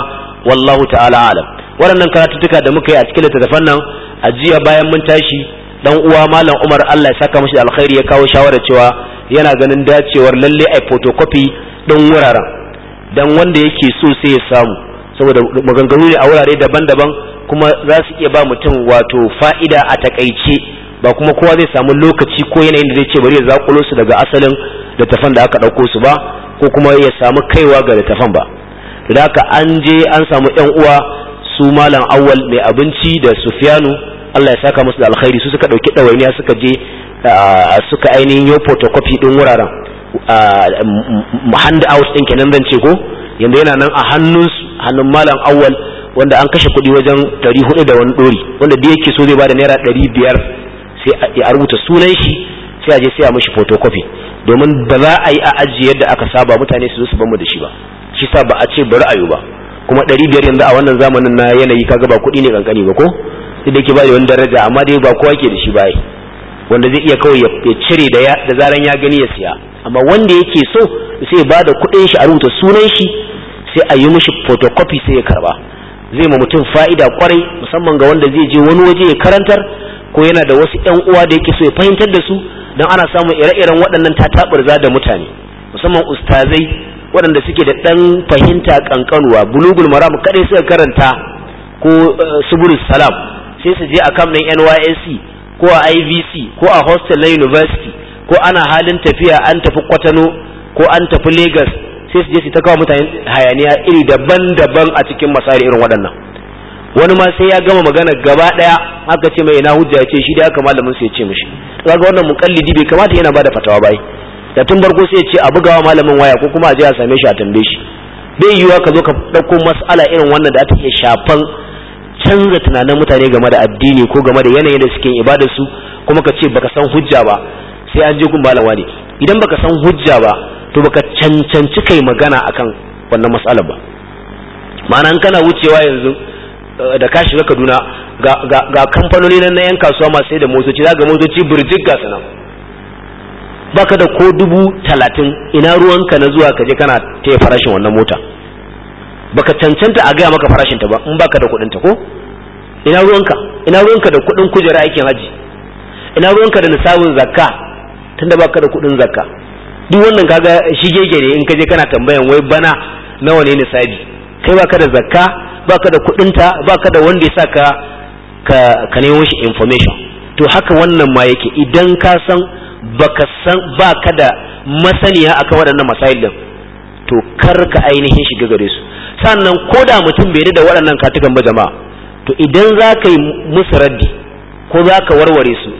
wallahu ta'ala alam waɗannan karatuttuka da muka yi a cikin littattafan nan a jiya bayan mun tashi dan uwa malam Umar Allah ya saka mashi alkhairi ya kawo shawara cewa yana ganin dacewar lalle ai photocopy din wuraren dan wanda yake so sai ya samu saboda maganganu ne a wurare daban-daban kuma za su iya ba mutum wato fa'ida a takaice ba kuma kowa zai samu lokaci ko yanayin da zai ce bari ya zakulo su daga asalin littafan da aka ɗauko su ba ko kuma ya samu kaiwa ga littafan ba da haka an je an samu yan uwa su malam awwal mai abinci da Sufiyanu Allah ya saka musu da alkhairi su suka ɗauki ɗawainiya suka je suka ainihin yo photocopy ɗin wuraren hand out ɗin kenan zan ce ko yanda yana nan a hannun hannun malam awwal wanda an kashe kuɗi wajen ɗari hudu da wani ɗori wanda da yake so zai bada naira ɗari biyar sai a rubuta sunan shi sai a je sai a mashi photocopy domin ba za a yi a ajiye yadda aka saba mutane su zo su bamu da shi ba shi sa ba a ce bari ayo ba kuma ɗari biyar yanzu a wannan zamanin na yanayi kaga ba kuɗi ne kankani ba ko sai da yake ba da wani daraja amma dai ba kowa ke da shi baya wanda zai iya kawai ya cire da zaran ya gani ya siya amma wanda yake so sai ba da kuɗin shi a rubuta sunan shi sai a yi mishi photocopy sai ya karba zai ma mutum fa'ida kwarai musamman ga wanda zai je wani waje ya karantar ko yana da wasu 'yan uwa da yake so ya fahimtar da su don ana samun ire-iren waɗannan za da mutane musamman ustazai waɗanda suke da ɗan fahimta ƙanƙanuwa bulugul maram kaɗai suka karanta ko eh, suburus salam sai su je a kan nan nysc ko a ivc ko a hostel na university ko ana halin tafiya an tafi kwatano ko an tafi lagos sai su je su ta kawo mutane hayaniya iri daban-daban a cikin masari irin waɗannan wani ma sai ya gama magana gaba ɗaya aka ce mai ina hujja ya ce shi da aka malamin su ya ce mishi ga wannan mukallidi bai kamata yana bada fatawa bai da tun farko sai ya ce a bugawa malamin waya ko kuma a je a same shi a tambaye shi bai yiwuwa ka zo ka ɗauko mas'ala irin wannan da ta ke shafan canza tunanin mutane game da addini ko game da yanayin da suke ibada su kuma ka ce baka san hujja ba sai an je kun malama ne idan baka san hujja ba to baka cancanci kai magana akan wannan matsalar ba ma'ana in kana wucewa yanzu eh, da ka shiga Kaduna ga kamfanoni na yan kasuwa masu sai da motoci za ga motoci birjik ga sanan baka da ko dubu talatin ina ruwanka na zuwa kaje kana taya farashin wannan mota baka cancanta a gaya maka farashinta ba in baka da kuɗinta ko ina ruwanka ina ruwanka da kuɗin kujera aikin haji ina ruwanka da nisabin zakka tunda baka da kuɗin zakka duk wannan kaga shigege ne in ka je kana tambayan wai bana nawa ne nisabi kai baka da zakka baka da ta baka da wanda ya sa ka ka nemo shi information to haka wannan ma yake idan ka san baka san baka da masaniya akan waɗannan masail din to kar ka ainihin shiga gare su sannan ko da mutum bai da waɗannan katukan ba jama'a to idan za ka yi musu raddi ko za ka warware su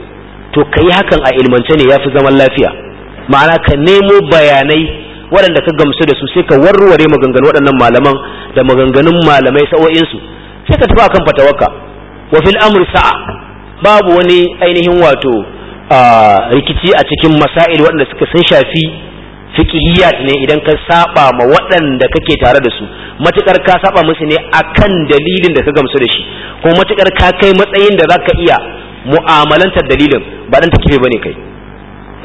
to ka yi hakan a ilmance ne ya fi zaman lafiya ma'ana ka nemo bayanai waɗanda ka gamsu da su sai ka warware maganganun waɗannan malaman da maganganun malamai sa'o'insu sai ka tafi akan fatawarka wa fil amri sa'a babu wani ainihin wato rikici a cikin masail waɗanda suka sun shafi fiqhiyat ne idan ka saba ma waɗanda kake tare da su matukar ka saba musu ne akan dalilin da ka gamsu da shi kuma matukar ka kai matsayin da zaka iya mu'amalantar dalilin ba dan take bane kai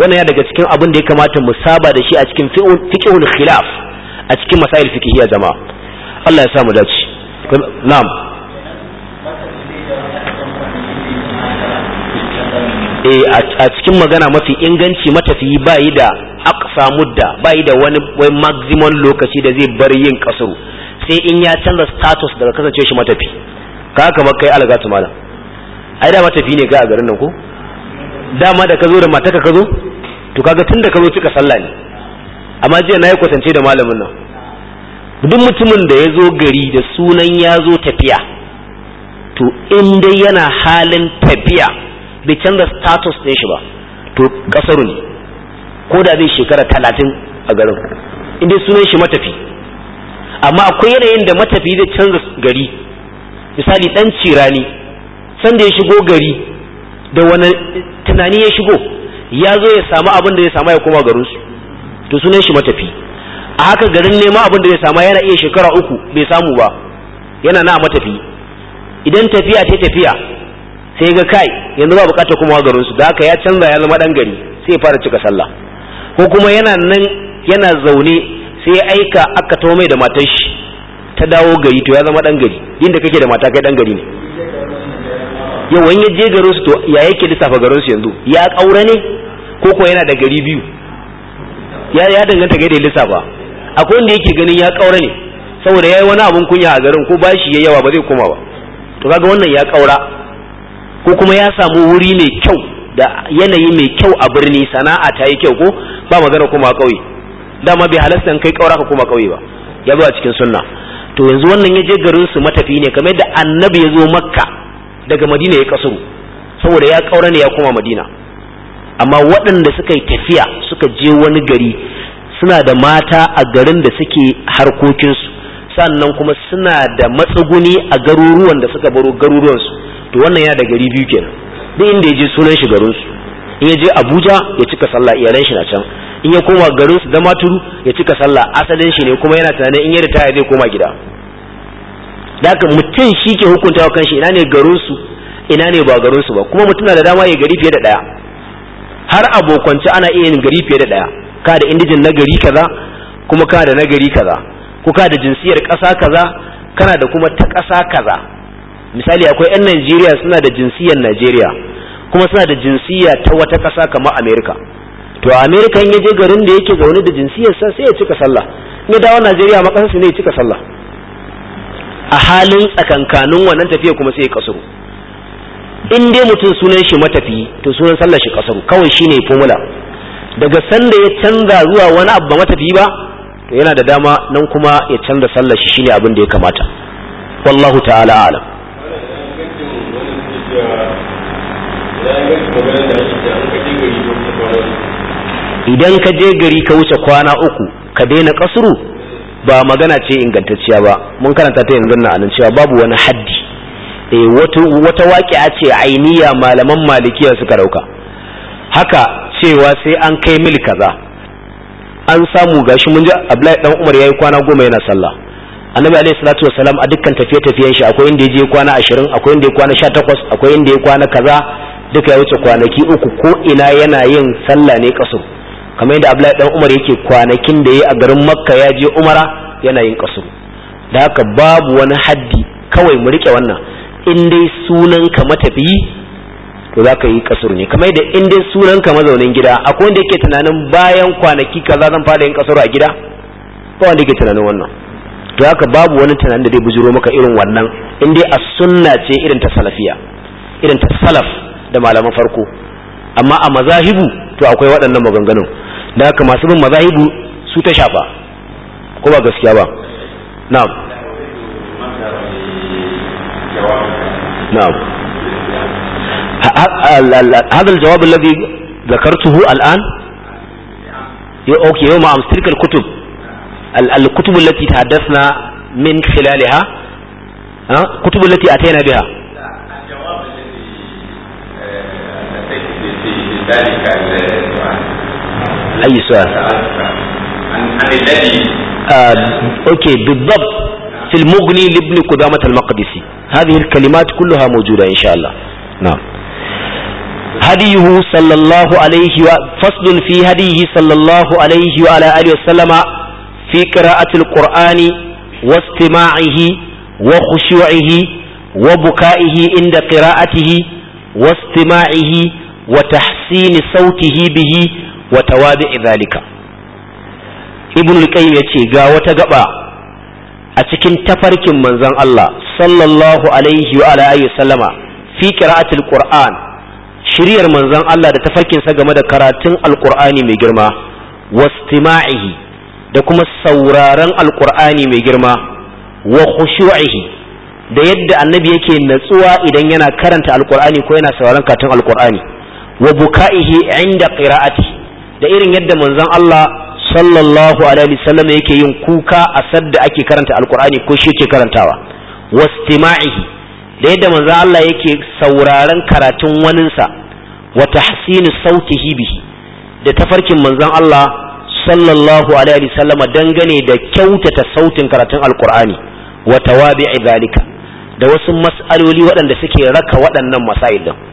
wannan ya daga cikin abin da ya kamata mu saba da shi a cikin fiqhul khilaf a cikin masail fiqhiyya jama'a Allah ya sa mu dace na'am eh a cikin magana mafi inganci matafiyi bayi da aqsa mudda bayi da wani wai maximum lokaci da zai bar yin kasuru sai in ya canza status daga kasance shi matafi ka kamar kai algatu malam ai da matafi ne ga a garin nan ko dama da ka zo da mataka ka zo to kaga tun da ka zo cika sallah ne amma jiya na yi kwatance da malamin nan duk mutumin da ya zo gari da sunan ya zo tafiya to in dai yana halin tafiya bai canza status ɗin shi ba to ƙasaru ne ko da zai shekara talatin a garin in dai sunan shi matafi amma akwai yanayin da matafi zai canza gari misali ɗan cirani sanda ya shigo gari da wani tunani ya shigo ya zo ya samu abin da ya samu ya koma garin su to sunan shi matafi a haka garin nema abin da ya samu yana iya shekara uku bai samu ba yana na matafi idan tafiya ta tafiya sai ga kai yanzu ba bukatar kuma garin su da haka ya canza ya zama dan gari sai ya fara cika sallah ko kuma yana nan yana zaune sai aika aka tawo da matar ta dawo gari to ya zama dan gari inda kake da mata kai dan gari ne yau wani je garin su to ya yake lissafa garin su yanzu ya kaura ne ko ko yana da gari biyu ya ya danganta ga yadda lissafa akwai wanda yake ganin ya kaura ne saboda yayi wani abun kunya a garin ko bashi yayi yawa ba zai koma ba to kaga wannan ya kaura ko kuma ya samu wuri mai kyau da yanayi mai kyau a birni sana'a ta yi kyau ko ba magana kuma kauye dama bai halasta kai kaura ka kuma kauye ba ya zo a cikin sunna to yanzu wannan ya je garin su matafi ne kamar da annabi ya zo makka daga madina ya kasuru saboda ya kaura ne ya koma madina amma waɗanda suka yi tafiya suka je wani gari suna da mata a garin da suke harkokinsu sannan kuma suna da matsuguni a garuruwan da suka baro garuruwansu to wannan yana da gari biyu kenan duk inda ya je sunan shi garinsu in ya je abuja ya cika sallah iyalan shi na can in ya koma garinsu da maturu ya cika sallah asalin shi ne kuma yana tunanin in ya ritaya zai koma gida da haka mutum shi ke hukunta kan shi ina ne garinsu ina ne ba garinsu ba kuma mutum na da dama ya gari fiye da ɗaya har abokance ana iya yin gari fiye da ɗaya ka da indijin na gari kaza kuma ka da na gari kaza ko ka da jinsiyar ƙasa kaza kana da kuma ta ƙasa kaza misali akwai 'yan najeriya suna da jinsiyar najeriya kuma suna da jinsiya ta wata ƙasa kamar amerika to amerika in ya je garin da yake zaune da jinsiyar sa sai ya cika sallah ne da dawo najeriya ma ƙasarsa ne ya cika sallah a halin tsakankanin wannan tafiya kuma sai ya kasuru in dai mutum sunan shi matafi to sunan sallar shi kasuru kawai shine formula daga sanda ya canza zuwa wani abu ba matafi ba to yana da dama nan kuma ya canza sallar shi shine abin da ya kamata wallahu ta'ala alam idan ka je gari ka wuce kwana uku ka daina kasuru ba magana ce ingantacciya ba mun karanta ta yanzu nan cewa babu wani haddi eh wata waƙi'a ce ainiya malaman malikiya suka dauka haka cewa sai an kai mil kaza an samu gashi mun ji Abdullahi dan Umar yayi kwana goma yana sallah annabi alaihi salatu wasalam a dukkan tafiye-tafiyen shi akwai inda ya je kwana 20 akwai inda ya kwana 18 akwai inda ya kwana kaza duka ya wuce kwanaki uku ko ina yana yin sallah ne kaso kamar yadda Abdullahi dan Umar yake kwanakin da yayi a garin Makka ya je Umara yana yin kasuru da haka babu wani haddi kawai mu rike wannan in dai sunan ka matafiyi to za ka yi kasuru ne kamar yadda in dai sunan ka mazaunin gida akwai wanda yake tunanin bayan kwanaki kaza zan fara yin kasuru a gida ba wanda yake tunanin wannan to haka babu wani tunanin da zai bujuro maka irin wannan in dai a sunna ce irin ta salafiya irin ta salaf da malaman farko amma a mazahibu to akwai waɗannan maganganun da haka masu bin mazahibu su ta shafa ko ba gaskiya ba na'am na'am هذا الجواب الذي ذكرته الآن أوكي يوم أمس تلك الكتب الكتب التي تحدثنا من خلالها كتب التي أتينا بها ذلك أي سؤال عن الذي آه أوكي بالضبط في المغني لابن قدامة المقدسي هذه الكلمات كلها موجودة إن شاء الله نعم هديه صلى الله عليه و... فصل في هديه صلى الله عليه وعلى آله وسلم في قراءة القرآن واستماعه وخشوعه وبكائه عند قراءته واستماعه وتحسين صوته به wa tawabi'i zalika ibn al-qayyim yace ga wata gaba a cikin tafarkin manzon Allah sallallahu alaihi wa ala alihi sallama fi qira'atil qur'an shiryar manzon Allah da tafarkin sa game da karatun alqur'ani mai girma wastima'ihi da kuma sauraron alqur'ani mai girma wa khushu'ihi da yadda annabi yake natsuwa idan yana karanta alkur'ani ko yana sauraron katon alkur'ani wa buka'ihi inda qira'ati da irin yadda manzon Allah sallallahu alaihi wasallam yake yin kuka a sadda ake karanta alqur'ani ko shi yake karantawa wastima'ihi da yadda manzon Allah yake sauraron karatun waninsa wa tahsinu sautihi bihi da tafarkin manzon Allah sallallahu alaihi wasallam dangane da kyautata sautin karatun alqur'ani wa tawabi'i zalika da wasu mas'aloli waɗanda suke raka waɗannan masail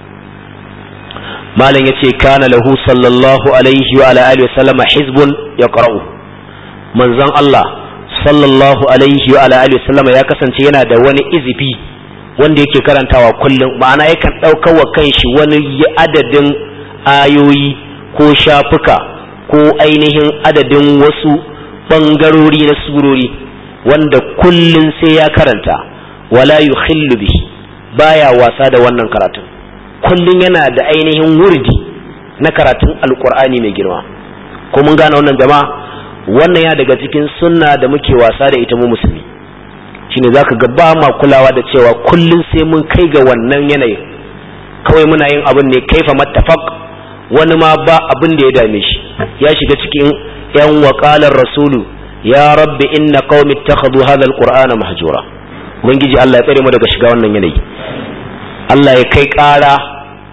malam yace kana lahu sallallahu alaihi wa ala alihi sallama hizbun yaqra'u manzon Allah sallallahu alaihi wa ala alihi sallama ya kasance yana da wani izifi wanda yake karantawa kullum ma'ana yakan daukar wa kanshi wani adadin ayoyi ko shafuka ko ainihin adadin wasu ɓangarori na surori wanda kullum sai ya karanta wala yukhillu bihi baya wasa da wannan karatun kullum yana da ainihin wurdi na karatun alkur'ani mai girma ko mun gane wannan jama'a wannan ya daga cikin sunna da muke wasa da ita mu musulmi shine zaka ga ba ma kulawa da cewa kullum sai mun kai ga wannan yanayi kawai muna yin abin ne kaifa mattafaq wani ma ba abin da ya dame shi ya shiga cikin yan waqalar rasulu ya rabbi inna qaumi ittakhadhu hadha alqur'ana mahjura ubangiji Allah ya tsare mu daga shiga wannan yanayi Allah ya kai ƙara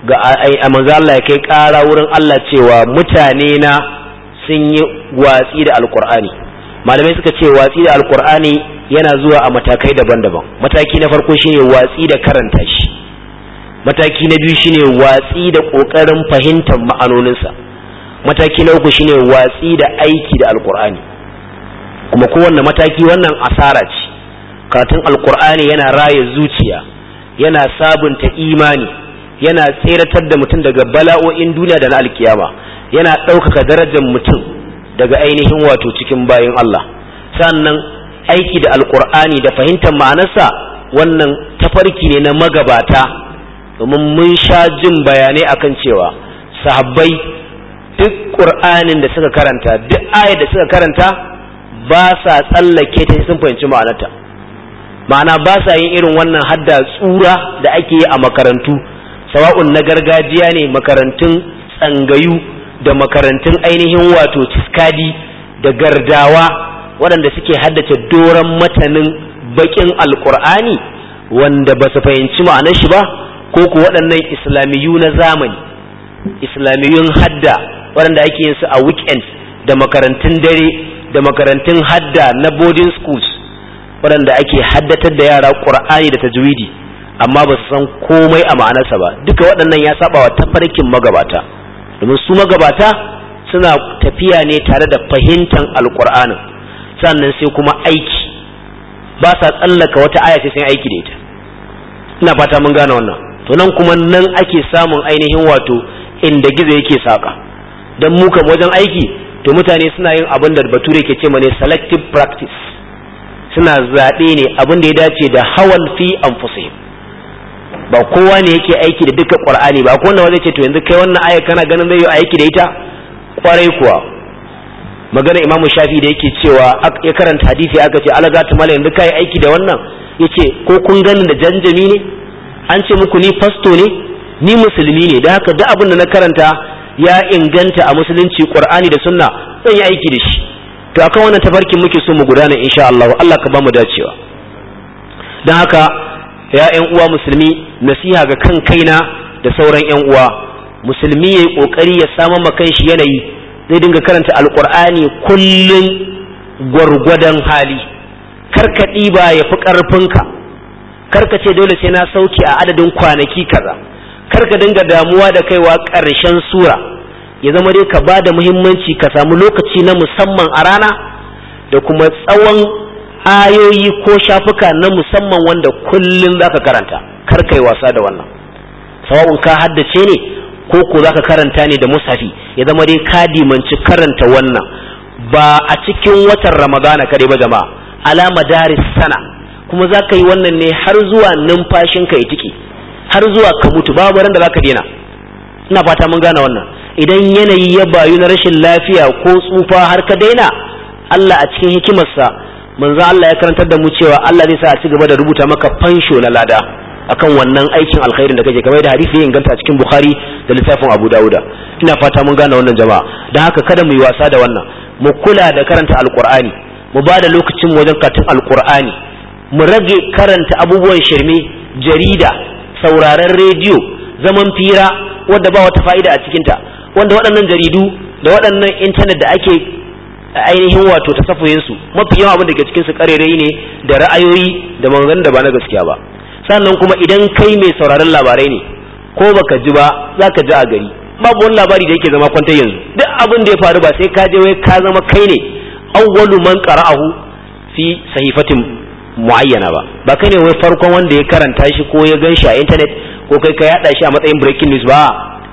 ga manzo Allah ya kai ƙara wurin Allah cewa mutane na sun yi watsi da alkur'ani malamai suka ce watsi da alkur'ani yana zuwa a matakai daban-daban mataki na farko shine watsi da karanta shi mataki na biyu shine watsi da ƙoƙarin fahimtar ma'anoninsa mataki na uku shine watsi da aiki da alkur'ani kuma kowanne mataki wannan asara ce karatun alkur'ani yana raya zuciya yana sabunta imani yana tseratar da mutum daga bala'o'in duniya da na alkiyama yana ɗaukaka darajar mutum daga ainihin wato cikin bayan Allah sannan aiki da alkur'ani da fahimtar ma'anarsa wannan tafarki ne na magabata domin mun sha jin bayanai akan cewa sahabbai duk ƙur'anin da suka karanta duk ayar da suka karanta ba sa tsallake ta sun fahimci ma'anarta ma'ana ba sa yin irin wannan hadda tsura da ake yi a makarantu sawa'un na gargajiya ne makarantun tsangayu da makarantun ainihin wato ciskadi da gardawa waɗanda suke haddace doron matanin baƙin alƙur'ani wanda ba su fahimci ma'anar shi ba ko ku waɗannan islamiyu na zamani islamiyun hadda waɗanda ake yin su a weekend da makarantun dare da makarantun hadda na boarding schools waɗanda ake haddatar da yara ƙur'ani da tajwidi amma ba su san komai a ma'anarsa ba duka waɗannan ya saba wa tafarkin magabata domin su magabata suna tafiya ne tare da fahimtar alƙur'anin sannan sai kuma aiki ba sa tsallaka wata aya sai aiki da ita ina fata mun gane wannan to nan kuma nan ake samun ainihin wato inda gizo yake saka dan mu kam wajen aiki to mutane suna yin abin da bature ke ce ne selective practice suna zaɓe ne abin da ya dace da hawan fi an ba kowa ne yake aiki da duka ƙwar'ani ba ko wanda ce to yanzu kai wannan aya kana ganin zai yi aiki da ita Ƙwarai kuwa maganar imam shafi da yake cewa ya karanta hadisi aka ce alaga ta mala yanzu kai aiki da wannan yace ko kun ganin da janjami ne an ce muku ni fasto ne ni musulmi ne da haka duk abin da na karanta ya inganta a musulunci ƙwar'ani da sunna zan yi aiki da shi to akan wannan tafarkin muke so mu gudana insha Allah Allah ka bamu dacewa dan haka ya ƴan uwa musulmi nasiha ga kan kaina da sauran ƴan uwa musulmi yayi kokari ya samu makan shi yanayi zai dinga karanta alqur'ani kullun gwargwadon hali karka ɗiba ya fi ƙarfinka karka ce dole sai na sauke a adadin kwanaki kaza karka dinga damuwa da kaiwa ƙarshen sura ya zama dai ka ba da muhimmanci ka samu lokaci na musamman a rana da kuma tsawon ayoyi ko shafuka na musamman wanda kullum za ka karanta kar kai wasa da wannan sawa'un ka haddace ne ko ko za ka karanta ne da musafi ya zama dai ka dimanci karanta wannan ba a cikin watan ramadana kare ba jama'a ala madaris sana kuma za ka yi wannan ne har zuwa numfashinka ya tike har zuwa ka mutu babu da za ka daina ina fata mun gane wannan idan yanayi ya bayu na rashin lafiya ko tsufa har ka daina Allah a cikin hikimarsa manzo Allah ya karantar da mu cewa Allah zai sa a ci da rubuta maka fansho na lada akan wannan aikin alkhairin da kake kamar da hadisi yin inganta a cikin Bukhari da littafin Abu Dawuda ina fata mun gane wannan jama'a dan haka kada mu yi wasa da wannan mu kula da karanta alqur'ani mu ba da lokacin wajen karatun alqur'ani mu rage karanta abubuwan shirme jarida sauraron rediyo zaman fira wadda ba wata fa'ida a cikinta wanda waɗannan jaridu da waɗannan intanet da ake ainihin wato ta tasafuhinsu mafi yawan abin da ke cikinsu ƙarerai ne da ra'ayoyi da maganganun da ba na gaskiya ba sannan kuma idan kai mai sauraron labarai ne ko baka ji ba za ka ji a gari babu wani labari da yake zama kwantar yanzu duk abin da ya faru ba sai ka je wai ka zama kai ne awwalu man qara'ahu fi sahifatin muayyana ba ba kai ne wai farkon wanda ya karanta shi ko ya gan shi a internet ko kai ka yada shi a matsayin breaking news ba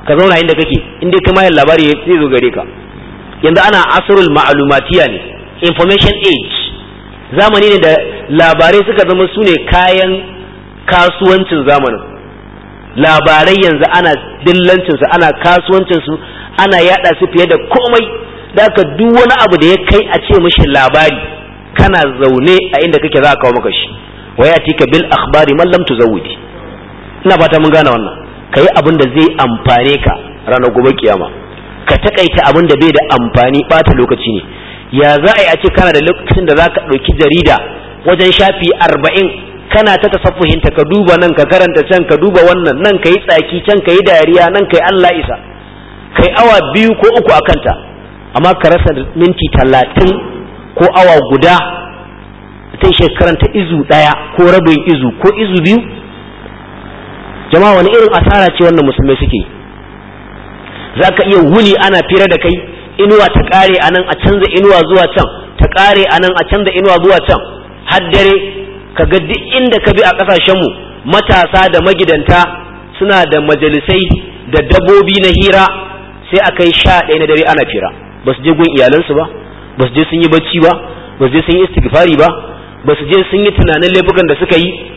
ka zauna inda kake in dai kai labari zai zo gare ka yanzu ana asrul ma'alumatiya ne information age zamani ne da labarai suka zama su ne kayan kasuwancin zamanin labarai yanzu ana dillancinsu ana kasuwancinsu ana yada su fiye da komai da ka duk wani abu da ya kai a ce mashi labari kana zaune a inda kake za a kawo maka shi wa ya bil akhbari mallam lam ina fata mun gane wannan ka yi abin da zai amfane ka ranar gobe kiyama ka takaita abin da bai da amfani bata lokaci ne ya za a yi a ce kana da lokacin da za ka ɗauki jarida wajen shafi arba'in kana ta tasaffuhinta ka duba nan ka karanta can ka duba wannan nan ka yi tsaki can ka yi dariya nan ka yi allah isa ka yi awa biyu ko uku a kanta amma ka rasa minti talatin ko awa guda ta karanta izu ɗaya ko rabin izu ko izu biyu jama'a wani irin asara ce wannan musulmai suke za ka iya wuni ana fira da kai inuwa ta kare a nan a canza inuwa zuwa can ta kare a nan a canza inuwa zuwa can har dare ka ga duk inda ka bi a ƙasashenmu matasa da magidanta suna da majalisai da dabbobi na hira sai a kai sha ɗaya na dare ana fira ba su je gun iyalansu ba ba su je sun yi bacci ba ba su je sun yi istighfari ba ba su je sun yi tunanin laifukan da suka yi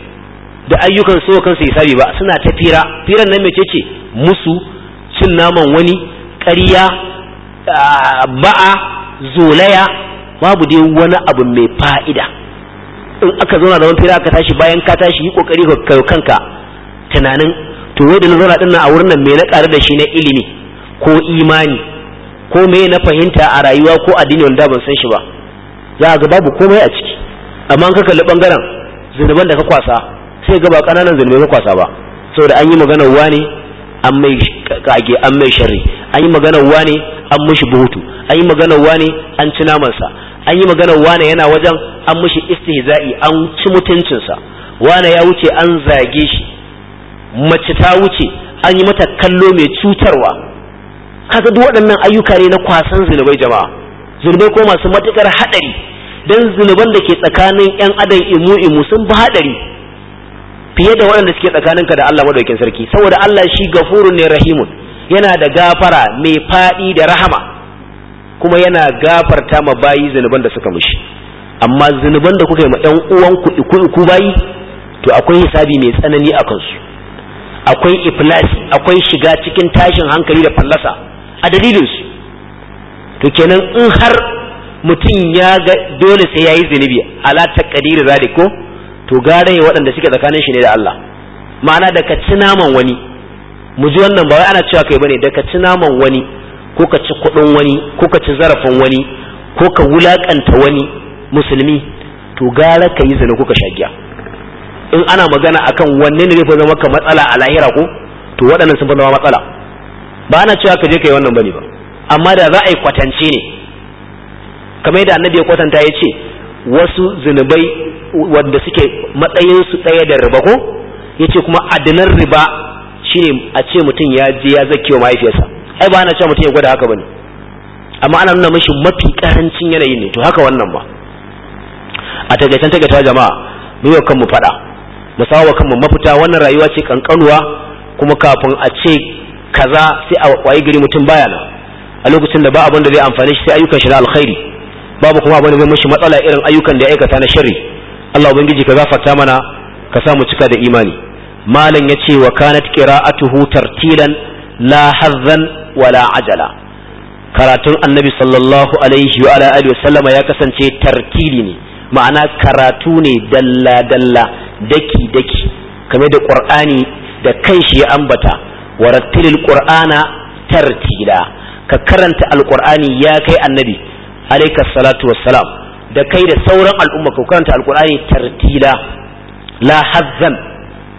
da ayyukan so kansu sabi ba suna ta fira firan nan mece ce musu cin naman wani ƙarya ba'a zolaya babu dai wani abu mai fa'ida in aka zauna da wani fira ka tashi bayan ka tashi yi kokari ka kanka tunanin to wai da nazara dinnan a wurin nan me na ƙara da shi na ilimi ko imani ko me na fahimta a rayuwa ko addini wanda ban san shi ba za ga babu komai a ciki amma an ka kalli bangaren zunuban da ka kwasa sai ga ba kananan zulmai ba kwasa ba saboda an yi magana wane an mai kage an mai sharri an yi magana ne an mishi buhutu an yi magana ne an ci namansa an yi magana ne yana wajen an mishi istihza'i an ci mutuncinsa wane ya wuce an zage shi mace ta wuce an yi mata kallo mai cutarwa kaga duk waɗannan ayyuka ne na kwasan zunubai jama'a zunubai ko masu matukar haɗari dan zunuban da ke tsakanin 'yan adam imu imu sun bi haɗari fiye da waɗanda suke tsakaninka da Allah madaukin sarki saboda Allah shi gafurun ne rahimun yana da gafara mai faɗi da rahama kuma yana gafarta ma bayi zunuban da suka mushi amma zunuban da kuka yi ma ɗan uwan ku bayi to akwai hisabi mai tsanani a kansu akwai iflasi akwai shiga cikin tashin hankali da fallasa a dalilinsu to kenan in har mutum ya ga dole sai yayi zunubi ala taqdiri zalik ko to gare waɗanda suke tsakanin shi ne da Allah ma'ana da ka ci naman wani mu ji wannan ba wai ana cewa kai bane da ka ci naman wani ko ka ci kuɗin wani ko ka ci zarafin wani ko ka wulakanta wani musulmi to gara ka yi zina ko ka sha giya in ana magana akan wanne ne zai zama ka matsala a lahira ko to waɗannan sun fi zama matsala ba ana cewa ka je ka yi wannan bane ba amma da za a yi kwatance ne kamar yadda annabi ya kwatanta ya ce wasu zunubai wanda suke matsayinsu ɗaya da riba ko yace kuma adinan riba shine a ce mutum ya je ya zake wa mahaifiyarsa ai ba ana cewa mutum ya gwada haka bane amma ana nuna mashi mafi karancin yanayin ne to haka wannan ba a tagaicen tagaitawa jama'a mu yi kanmu faɗa mu sawa kanmu mafita wannan rayuwa ce kankanuwa kuma kafin a ce kaza sai a wayi gari mutum baya nan a lokacin da ba abin da zai amfane shi sai ayyukan shi na alkhairi babu kuma abin da zai mishi matsala irin ayyukan da ya aikata na shari Allah ubangiji ka gafarta mana ka sa mu cika da imani malam ce wa kanat qira'atuhu tartilan la hazzan wala ajala karatun annabi sallallahu alaihi wa ala alihi ya kasance tartili ne ma'ana karatu ne dalla dalla daki daki kamar da qur'ani da kanshi ya ambata warattilil qur'ana tartila ka karanta alqur'ani ya kai annabi alayka salatu wassalam da kai da sauran al'umma ko karanta alqur'ani tartila la hazzan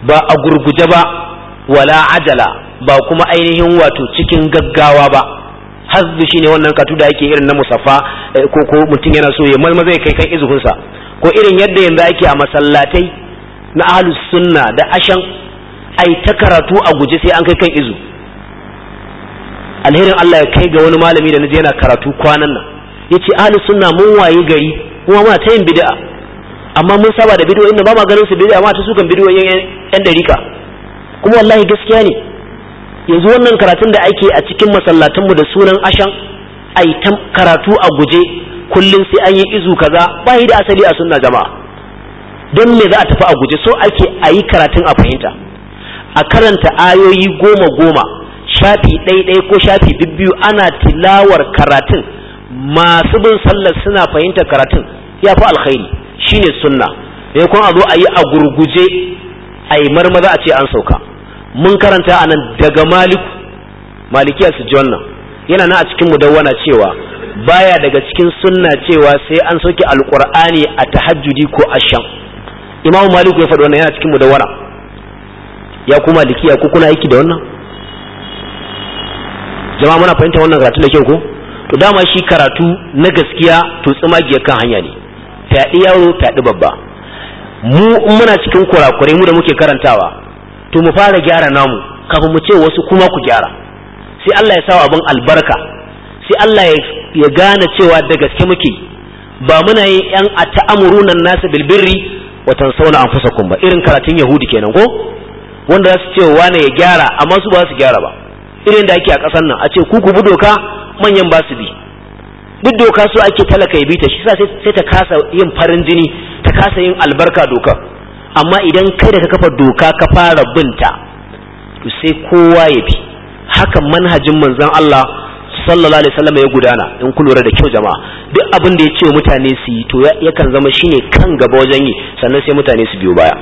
ba a gurguje ba wala ajala ba kuma ainihin wato cikin gaggawa ba hazzu shine wannan katu da ake irin na musaffa eh, ko ko mutum yana so ya malma zai kai kan izuhunsa ko irin yadda yanzu ake a masallatai na ahlus sunna da ashan ai ta karatu a guje sai an kai kan izu alherin Allah ya kai ga wani malami da naje yana karatu kwanan nan yace ahli sunna mun waye gari kuma muna ta yin bid'a amma mun saba da bid'o'in da ba ma ganin su bid'a amma ta sukan bid'o'in yan dariƙa kuma wallahi gaskiya ne yanzu wannan karatun da ake a cikin masallatanmu da sunan ashan ai karatu a guje kullum sai an yi izu kaza ba da asali a sunna jama'a don me za a tafi a guje so ake a yi karatun a fahimta a karanta ayoyi goma goma shafi ɗaiɗai ko shafi bibbiyu ana tilawar karatun masu bin sallar suna fahimtar karatun ya fi alkhairi shine sunna ne kun a zo a yi a gurguje a yi marmaza a ce an sauka mun karanta a nan daga maliku malikiyar su jonna yana na a cikin mudawwana cewa baya daga cikin sunna cewa sai an sauke alkur'ani a tahajjudi ko asham imam maliku ya faɗi wannan yana cikin mudawwana ya ku malikiya ko kuna aiki da wannan jama'a muna fahimta wannan karatu da kyau ko to dama shi karatu na gaskiya to tsimagiyar kan hanya ne fyaɗi yaro fyaɗi babba mu muna cikin kurakurai mu da muke karantawa to mu fara gyara namu kafin mu ce wasu kuma ku gyara sai Allah ya sawa abin albarka sai Allah ya gane cewa da gaske muke ba muna yin yan ata'amuruna nasu bilbirri wa an anfusakum ba irin karatun yahudi kenan ko wanda za su ce wane ya gyara amma su ba su gyara ba irin da ake a ƙasar nan a ce ku ku bi doka manyan ba su bi duk doka so ake talaka ya bi ta shi sa sai ta kasa yin farin jini ta kasa yin albarka doka amma idan kai da ka kafa doka ka fara binta to sai kowa ya bi haka manhajin manzon Allah sallallahu alaihi wasallam ya gudana in ku lura da kyau jama'a duk abin da ya ce mutane su yi to yakan zama shine kan gaba wajen yi sannan sai mutane su biyo baya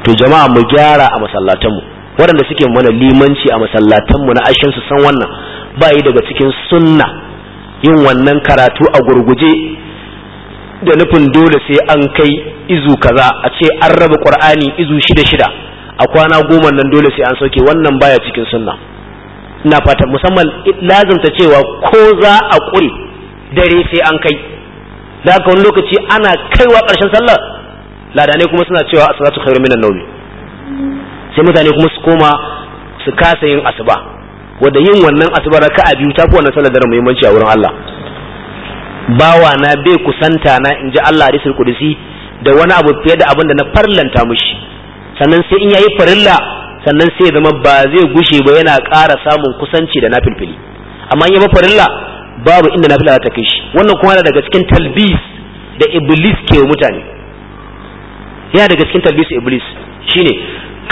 to jama'a mu gyara a masallatanmu waɗanda suke mana limanci a masallatanmu na ashin su san wannan bayi daga cikin sunna yin wannan karatu a gurguje da nufin dole sai an kai izu kaza a ce an raba qur'ani izu shida shida a kwana goma nan dole sai an sauke wannan baya cikin sunna ina fatan musamman lazimta cewa ko za a ƙure dare sai an kai da ka wani lokaci ana kaiwa ƙarshen sallar ladanai kuma suna cewa asalatu khairu minan nawmi sai mutane kuma su koma su kasa yin asuba wanda yin wannan ka a biyu ta fi wannan sallar daren muhimmanci a wurin Allah bawa na bai kusanta na in ji Allah hadisul qudsi da wani abu fiye da abin da na farlanta mushi sannan sai in yayi farilla sannan sai zama ba zai gushe ba yana ƙara samun kusanci da nafilfili amma in mafarilla farilla babu inda nafila ta kai shi wannan kuma yana daga cikin talbis da iblis ke mutane yana daga cikin talbis iblis shine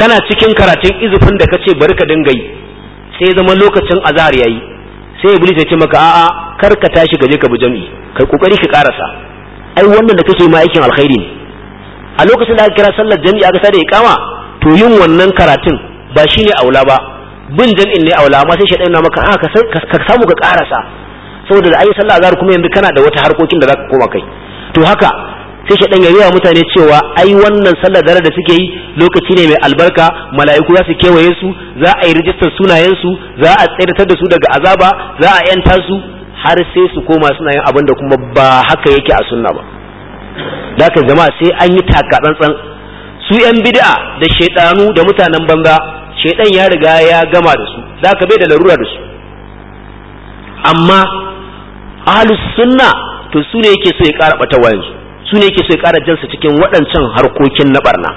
kana cikin karatun izufin da kace bari ka dinga yi sai zama lokacin azhar yayi sai iblis ya ce maka a'a kar ka tashi gaje ka bi jami'i kai kokari ka karasa ai wannan da kake ma aikin alkhairi ne a lokacin da aka kira sallar jami'i aka sada iqama to yin wannan karatun ba shi shine aula ba bin jami'in ne aula amma sai da na maka a ka samu ka karasa saboda da ai sallar azhar kuma yanzu kana da wata harkokin da zaka koma kai to haka sai shi ya yawa mutane cewa ai wannan sallar dare da suke yi lokaci ne mai albarka mala'iku za su kewaye su za a yi rijistar sunayen su za a tsaitar da su daga azaba za a yanta su har sai su koma suna yin abin da kuma ba haka yake a sunna ba da jama'a sai an yi taka tsantsan su yan bid'a da shaidanu da mutanen banza shaidan ya riga ya gama da su da bai da larura da su amma ahlus sunna to su ne yake so ya kara bata wayansu su ne ke so ya ƙara jansa cikin waɗancan harkokin na barna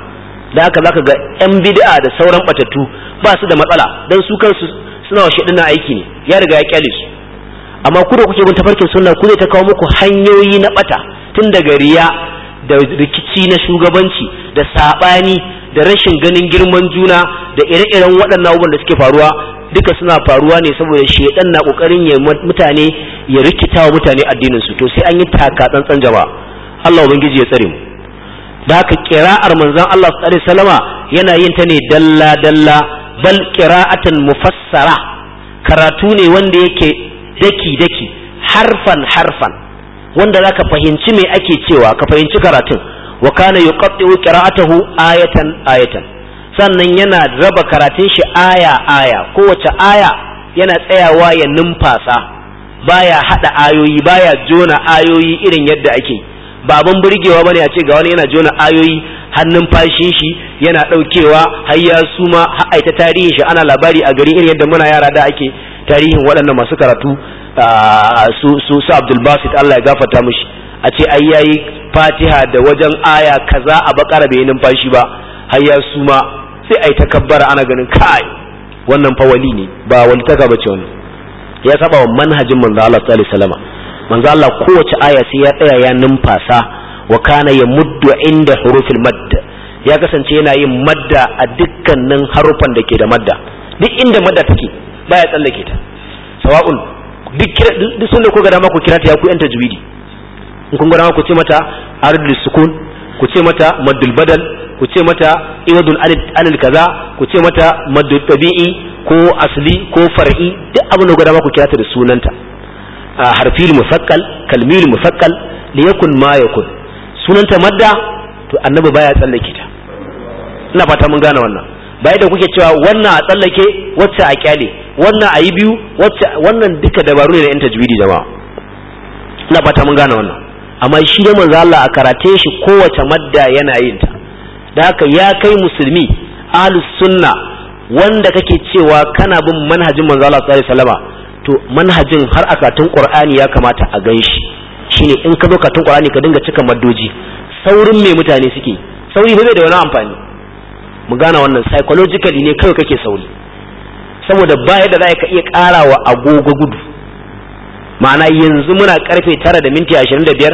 da haka zaka ga yan bid'a da sauran batattu ba su da matsala dan su kansu suna wa na aiki ne ya riga ya kyale su amma ku da kuke bin tafarkin sunna ku ne ta kawo muku hanyoyi na bata tun daga riya da rikici na shugabanci da saɓani da rashin ganin girman juna da ire-iren waɗannan abubuwan da suke faruwa duka suna faruwa ne saboda shedan na kokarin ya mutane ya rikita wa mutane addinin su to sai an yi taka tsantsan jama'a Allah ubangiji ya tsare mu da haka kira'ar manzon Allah sallallahu alaihi yana yin ta ne dalla dalla bal qira'atan mufassara karatu ne wanda yake daki daki harfan harfan wanda zaka fahimci me ake cewa ka fahimci karatun wa kana yuqatti'u qira'atahu ayatan ayatan sannan yana raba karatun shi aya aya kowace aya yana tsayawa ya numfasa baya hada ayoyi baya jona ayoyi irin yadda ake yi baban burgewa bane a ce ga wani yana jona ayoyi hannun fashin shi yana daukewa har ya suma har aita tarihin shi ana labari a gari irin yadda muna yara da ake tarihin waɗannan masu karatu su su su Abdul Basit Allah ya gafarta mishi a ce ai yayi Fatiha da wajen aya kaza a bakara bai numfashi ba har ya suma sai ai takabbara ana ganin kai wannan fa wali ne ba wani taka bace wannan ya saba wa manhajin manzo Allah sallallahu alaihi wasallam manzo Allah kowace aya sai ya tsaya ya numfasa wa kana muddu inda hurufil madd ya kasance yana yin madda a dukkanin harufan da ke da madda duk inda madda take baya tsallake ta sawa'un duk sun da ku ga dama ku kira ta ya ku yan tajwidi in kun ga dama ku ce mata ardul sukun ku ce mata maddul badal ku ce mata iwadul alil kaza ku ce mata maddul tabi'i ko asli ko far'i duk abin da ku ga ku kira ta da sunanta harfil musakkal kalmil musakkal yakun ma yakun sunanta madda to annabi baya tsallake ta ina fata mun gane wannan bai da kuke cewa wannan a tsallake wacce a kyale wannan a yi biyu wacce wannan duka dabaru ne na yan tajwidi jama'a ina fata mun gane wannan amma shi da manzo Allah a karate shi kowace madda yana yin ta dan haka ya kai musulmi ahlus sunna wanda kake cewa kana bin manhajin manzo Allah sallallahu alaihi wasallam to manhajin har a katun qur'ani ya kamata a gan shi shine in ka zo katun qur'ani ka dinga cika maddoji saurin me mutane suke sauri zai da wani amfani mu gana wannan psychologically ne kawai kake sauri saboda ba yadda za ka iya karawa agogo gudu ma'ana yanzu muna karfe tara da minti ashirin da biyar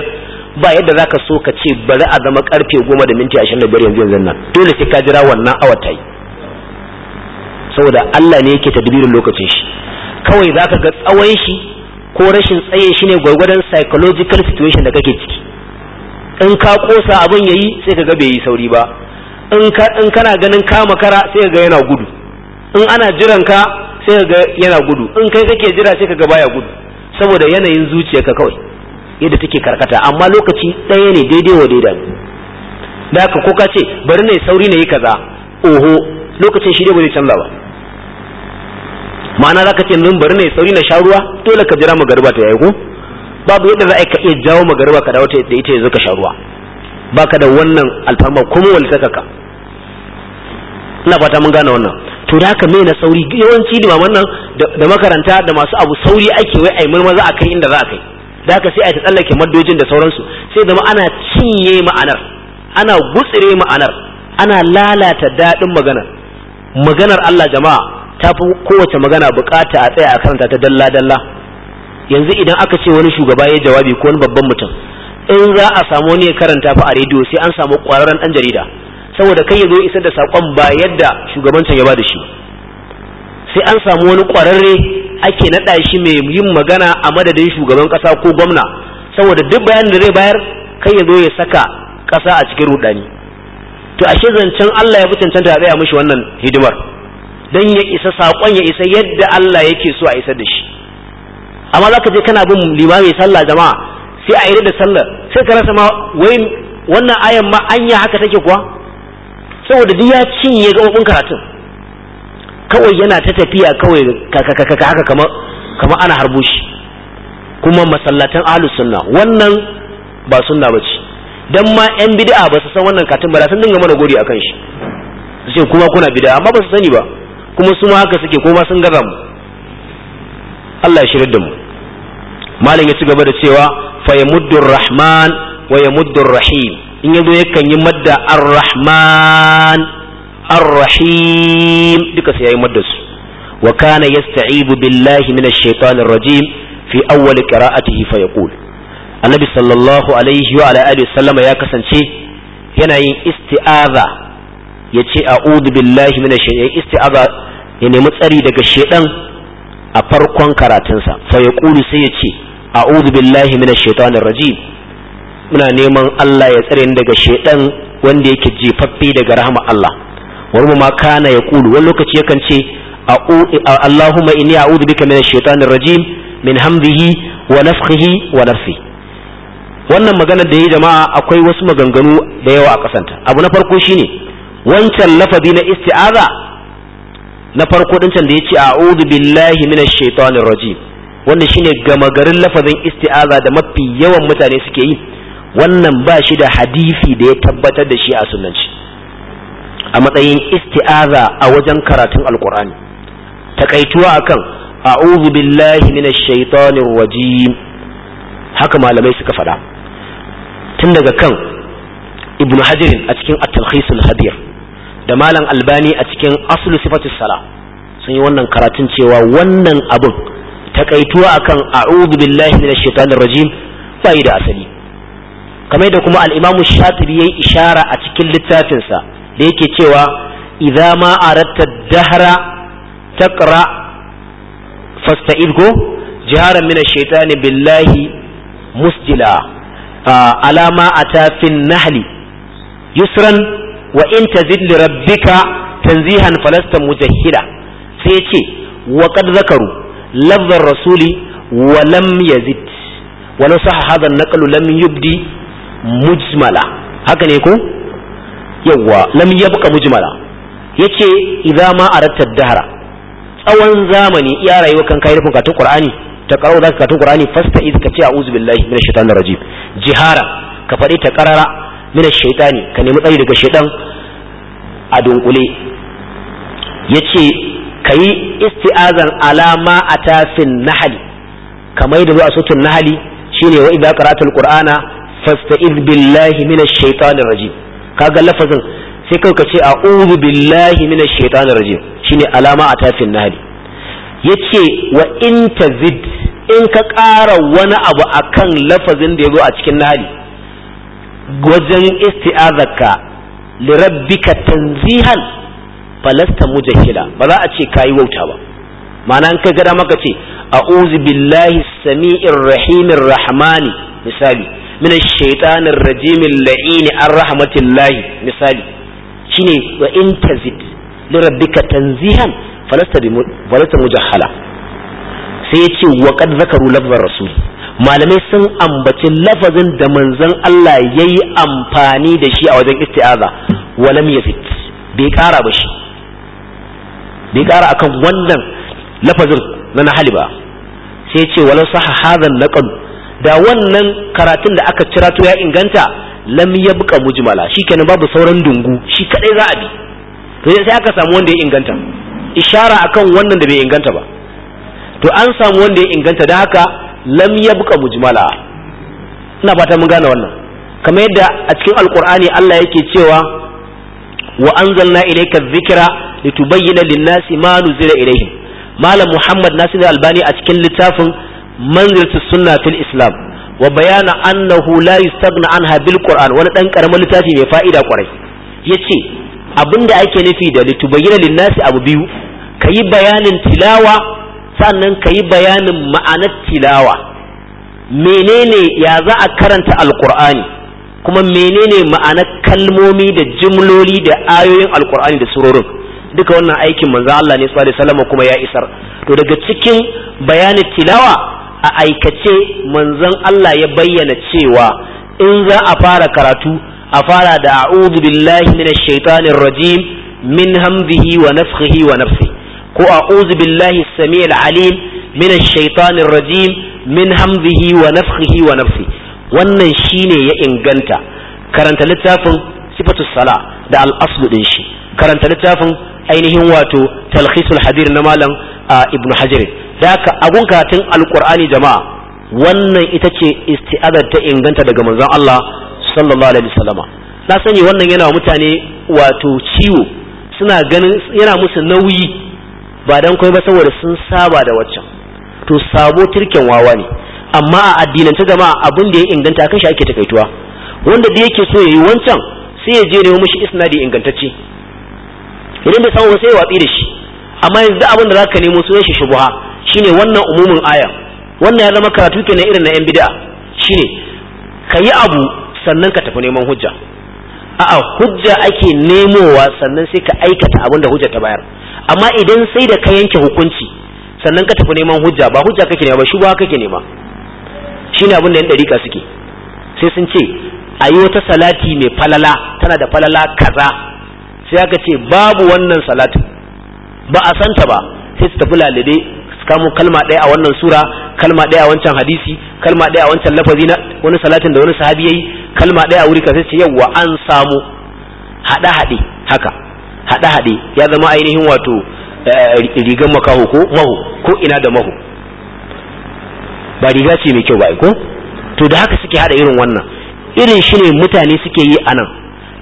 ba yadda za ka so ka ce bari a zama karfe goma da minti ashirin da biyar yanzu yanzu nan dole sai ka jira wannan awa ta yi saboda Allah ne yake tadbirin lokacin shi kawai za ka ga tsawon shi ko rashin tsaye shi ne gwargwadon psychological situation da kake ciki in ka kosa abin yayi sai ka ga bai yi sauri ba in kana ganin kama kara sai ka ga yana gudu in ana jiran ka sai ka ga yana gudu in kai kake jira sai ka ga baya gudu saboda yanayin zuciya ka kawai yadda take karkata amma lokaci ɗaya ne daidai wa daidai da ka ko ka ce bari ne sauri ne yi kaza oho lokacin shi dai ba canza ba ma'ana za zaka ce yanzu bari ne sauri na sha ruwa dole ka jira magariba ta yayi ko babu yadda za ka iya jawo magariba ka dawo da ita yanzu ka sha ruwa ka da wannan alfarma kuma ka. ina fata mun gane wannan to da haka mai na sauri yawanci nan da makaranta da masu abu sauri ake wai a yi za a kai inda za a kai da haka sai a ta tsallake maddojin da sauransu sai zama ana cinye ma'anar ana gutsire ma'anar ana lalata daɗin maganar maganar Allah jama'a ta fi kowace magana bukata a tsaya a karanta ta dalla dalla yanzu idan aka ce wani shugaba ya jawabi ko wani babban mutum in za a samu wani ya karanta fa a rediyo sai an samu kwararren dan jarida saboda kai ya zo isar da sakon ba yadda shugabancin ya ba da shi sai an samu wani kwararre ake naɗa shi mai yin magana a madadin shugaban kasa ko gwamna saboda duk bayan da zai bayar kai ya zo ya saka kasa a cikin rudani to ashe zancen Allah ya fi cancanta a tsaya mishi wannan hidimar don ya isa saƙon ya isa yadda Allah yake so a isa da shi amma za ka je kana bin limami sallah jama'a sai a yi da sallar sai ka rasa ma wai wannan ayan ma anya haka take kuwa saboda duk ya cinye gaɓoɓin karatun kawai yana ta tafiya kawai kaka haka kamar kamar ana harbo shi kuma masallatan ahlus sunna wannan ba sunna ce dan ma yan bid'a ba su san wannan katin ba da sun dinga mana gori akan shi sai ce kuma kuna bid'a amma ba su sani ba kuma su ma haka suke ko ma sun gaza mu Allah ya shirya da mu malam ya ci gaba da cewa fa yamuddur rahman wa yamuddur rahim in yazo yakan yi madda ar-rahman ar-rahim duka sai yayi madda su wa kana yasta'ibu billahi minash shaitanir rajim fi awwal qira'atihi fa yaqul annabi sallallahu alaihi wa alihi sallama ya kasance yana yin isti'aza ya ce a'udhu billahi minash shaytan isti'aza ya nemi tsari daga shaidan a farkon karatunsa fa ya kulu sai ya ce a'udhu billahi minash shaitanir rajim muna neman Allah ya tsare ni daga shaidan wanda yake jefaffe daga rahama Allah wani ma kana ya kulu wani lokaci yakan ce Allahumma inni a'udhu bika minash shaitanir rajim min hamdihi wa nafthihi wa nafsi. wannan maganar da yi jama'a akwai wasu maganganu da yawa a kasanta abu na farko shine wancan lafazi na isti'aza na farko din can da yace a'udhu billahi minash shaitanir rajim wannan shine gama garin lafazin isti'aza da mafi yawan mutane suke yi wannan ba shi da hadisi da ya tabbatar da shi a sunanci a matsayin isti'aza a wajen karatun alkur'ani takaituwa akan a'udhu billahi minash shaitanir rajim haka malamai suka faɗa tun daga kan ibnu hajarin a cikin at-talkhisul habir da malam albani a cikin aslu sifatis sala sun yi wannan karatun cewa wannan abun takaituwa akan a'udhu billahi minash shaitanir rajim bai da asali kamar da kuma al-imam shatibi yayi ishara a cikin littafinsa da yake cewa idza ma aratta dahra taqra fasta'id go jiharan minash shaitani billahi musjila alama ata fin nahli yusran wa in tazid li rabbika tanzihan falasta mujahida sai ce wa qad zakaru lafzar rasuli wa lam yazid walau sahha hadha an-naqlu lam yubdi mujmala haka ne ko yawa lam yabqa mujmala yace idza ma aratta dahra tsawon zamani iya rayuwa kan kai rufin katun qur'ani ta karau zaka katun qur'ani fasta iz ka ce a'udhu billahi minash shaitanir rajim jihara ka faɗi ta karara min ash ka nemi tsari daga shaytan a dunkule yace yi isti'azan alama tafin nahali kamar yadda zuwa sutun nahli shine wa idza qara'ta qurana fasta'iz billahi min ash-shaytanir Ka ga lafazin sai kai ka ce a'udhu billahi min ash rajim shine alama a tafin nahali yace wa in tazid in ka ƙara wani abu akan lafazin da ya zo a cikin nahali wajen isti'azaka lirabbika tanzihan falasta mujahila ba za a ce kayi wauta ba ma'ana in kai gada maka ce a'udhu billahi sami'ir rahimir rahmani misali min ash-shaytanir la'ini ar rahmatillahi misali shine wa in tazid lirabbika tanzihan falasta falasta mujahala sai yace wa zakaru lafzar rasuli. malamai sun ambaci lafazin da manzon Allah ya yi amfani da shi a wajen isti'aza walam yafit bai ƙara ba shi bai ƙara akan wannan lafazin na nahali ba sai ce walau saha hadhan laqad da wannan karatun da aka cira to ya inganta lam yabqa mujmala shikenan babu sauran dungu shi kadai za a bi to sai aka samu wanda ya inganta ishara akan wannan da bai inganta ba to an samu wanda ya inganta da haka lam yabqa mujmala ina fata mun gane wannan kamar yadda a cikin alqur'ani Allah yake cewa wa anzalna ilayka dhikra litubayyana lin-nasi ma nuzila ilayhim malam Muhammad Nasir Albani a cikin littafin manzilatu sunna fil islam wa bayana annahu la yustaghna anha bil qur'an wani dan karamin littafi mai fa'ida kwarai yace abinda ake nufi da litubayyana lin-nasi abu biyu kayi bayanin tilawa sannan ka yi bayanin ma'anar tilawa menene ya za a karanta alkur'ani kuma menene ma'anar kalmomi da jimloli da ayoyin alkur'ani da surorin duka wannan aikin manzo Allah ne sallallahu alaihi kuma ya isar to daga cikin bayanin tilawa a aikace manzon Allah ya bayyana cewa in za a fara karatu a fara da a'udhu billahi minash rajim min hamzihi wa nafthihi wa nafsihi ko a'udhu billahi as-sami'il alim min ash-shaytanir rajim min hamzihi wa nafthihi wa nafsi wannan shine ya inganta karanta littafin sifatu sala da al-aslu din shi karanta littafin ainihin wato talkhisul hadir na malam ibnu hajar da haka agun karatun alqur'ani jama'a wannan ita ce isti'azar ta inganta daga manzon Allah sallallahu alaihi wasallama na sani wannan yana mutane wato ciwo suna ganin yana musu nauyi ba dan kai ba saboda sun saba da waccan to sabo turken wawa ne amma a addinance jama'a abin da ya inganta kan shi ake takaituwa wanda da yake so yayi wancan sai ya je mu mishi isnadi ingantacce idan bai samu ba sai ya watsi da shi amma yanzu abin da zaka nemo sunan shi shubha shine wannan umumin aya wannan ya zama karatu kenan irin na yan bid'a shine kayi abu sannan ka tafi neman hujja a'a hujja ake nemowa sannan sai ka aikata abin da hujja ta bayar amma idan sai da ka yanke hukunci sannan ka tafi neman hujja ba hujja kake nema ba shi ba kake nema shi ne abin da yan ka suke sai sun ce a yi wata salati mai falala tana da falala kaza sai aka ce babu wannan salatin ba a santa ba sai su tafi lalade su kamo kalma ɗaya a wannan sura kalma ɗaya a wancan hadisi kalma ɗaya a wancan lafazi na wani salatin da wani sahabi yayi kalma ɗaya a wuri ka sai ce an samu haɗe-haɗe haka haɗe-haɗe ya zama ainihin wato eh, rigan makaho ko maho ko ina da maho ba riga ce mai kyau ba ko to da haka suke haɗa irin wannan irin shi ne mutane suke yi a nan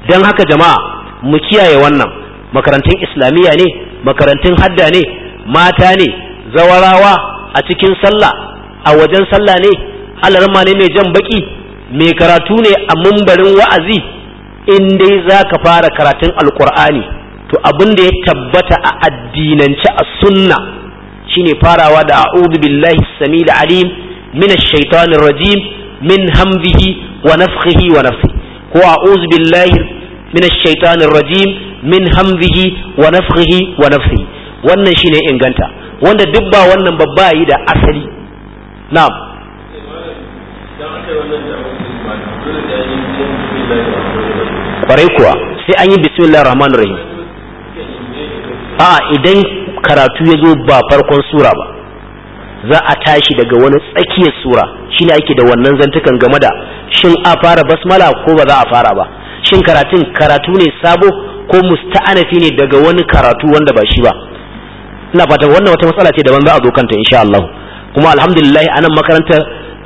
don haka jama'a mu kiyaye wannan makarantun islamiyya ne makarantun hadda ne mata ne zawarawa a cikin sallah a wajen sallah ne alarma ne mai jan baki mai karatu ne a mambarin wa'azi in dai za ka fara karatun alkur'ani to abin da ya tabbata a addinance a sunna shine farawa da a'udhu billahi samil alim min ash-shaytanir rajim min hamzihi wa nafthihi wa nafthihi ko a'udhu billahi min ash-shaytanir rajim min hamzihi wa nafthihi wa nafthihi wannan shine inganta wanda duk ba wannan babba yi da asali na'am kwarai kuwa sai an yi bismillahir rahmanir rahim a idan karatu ya zo ba farkon sura ba za a tashi daga wani tsakiyar sura ne ake da wannan zantukan game da shin a fara basmala ko ba za a fara ba shin karatun karatu ne sabo ko musta'anafi ne daga wani karatu wanda ba shi ba ina fata wannan wata matsala ce daban za a zo kanta insha Allah kuma alhamdulillah a nan makaranta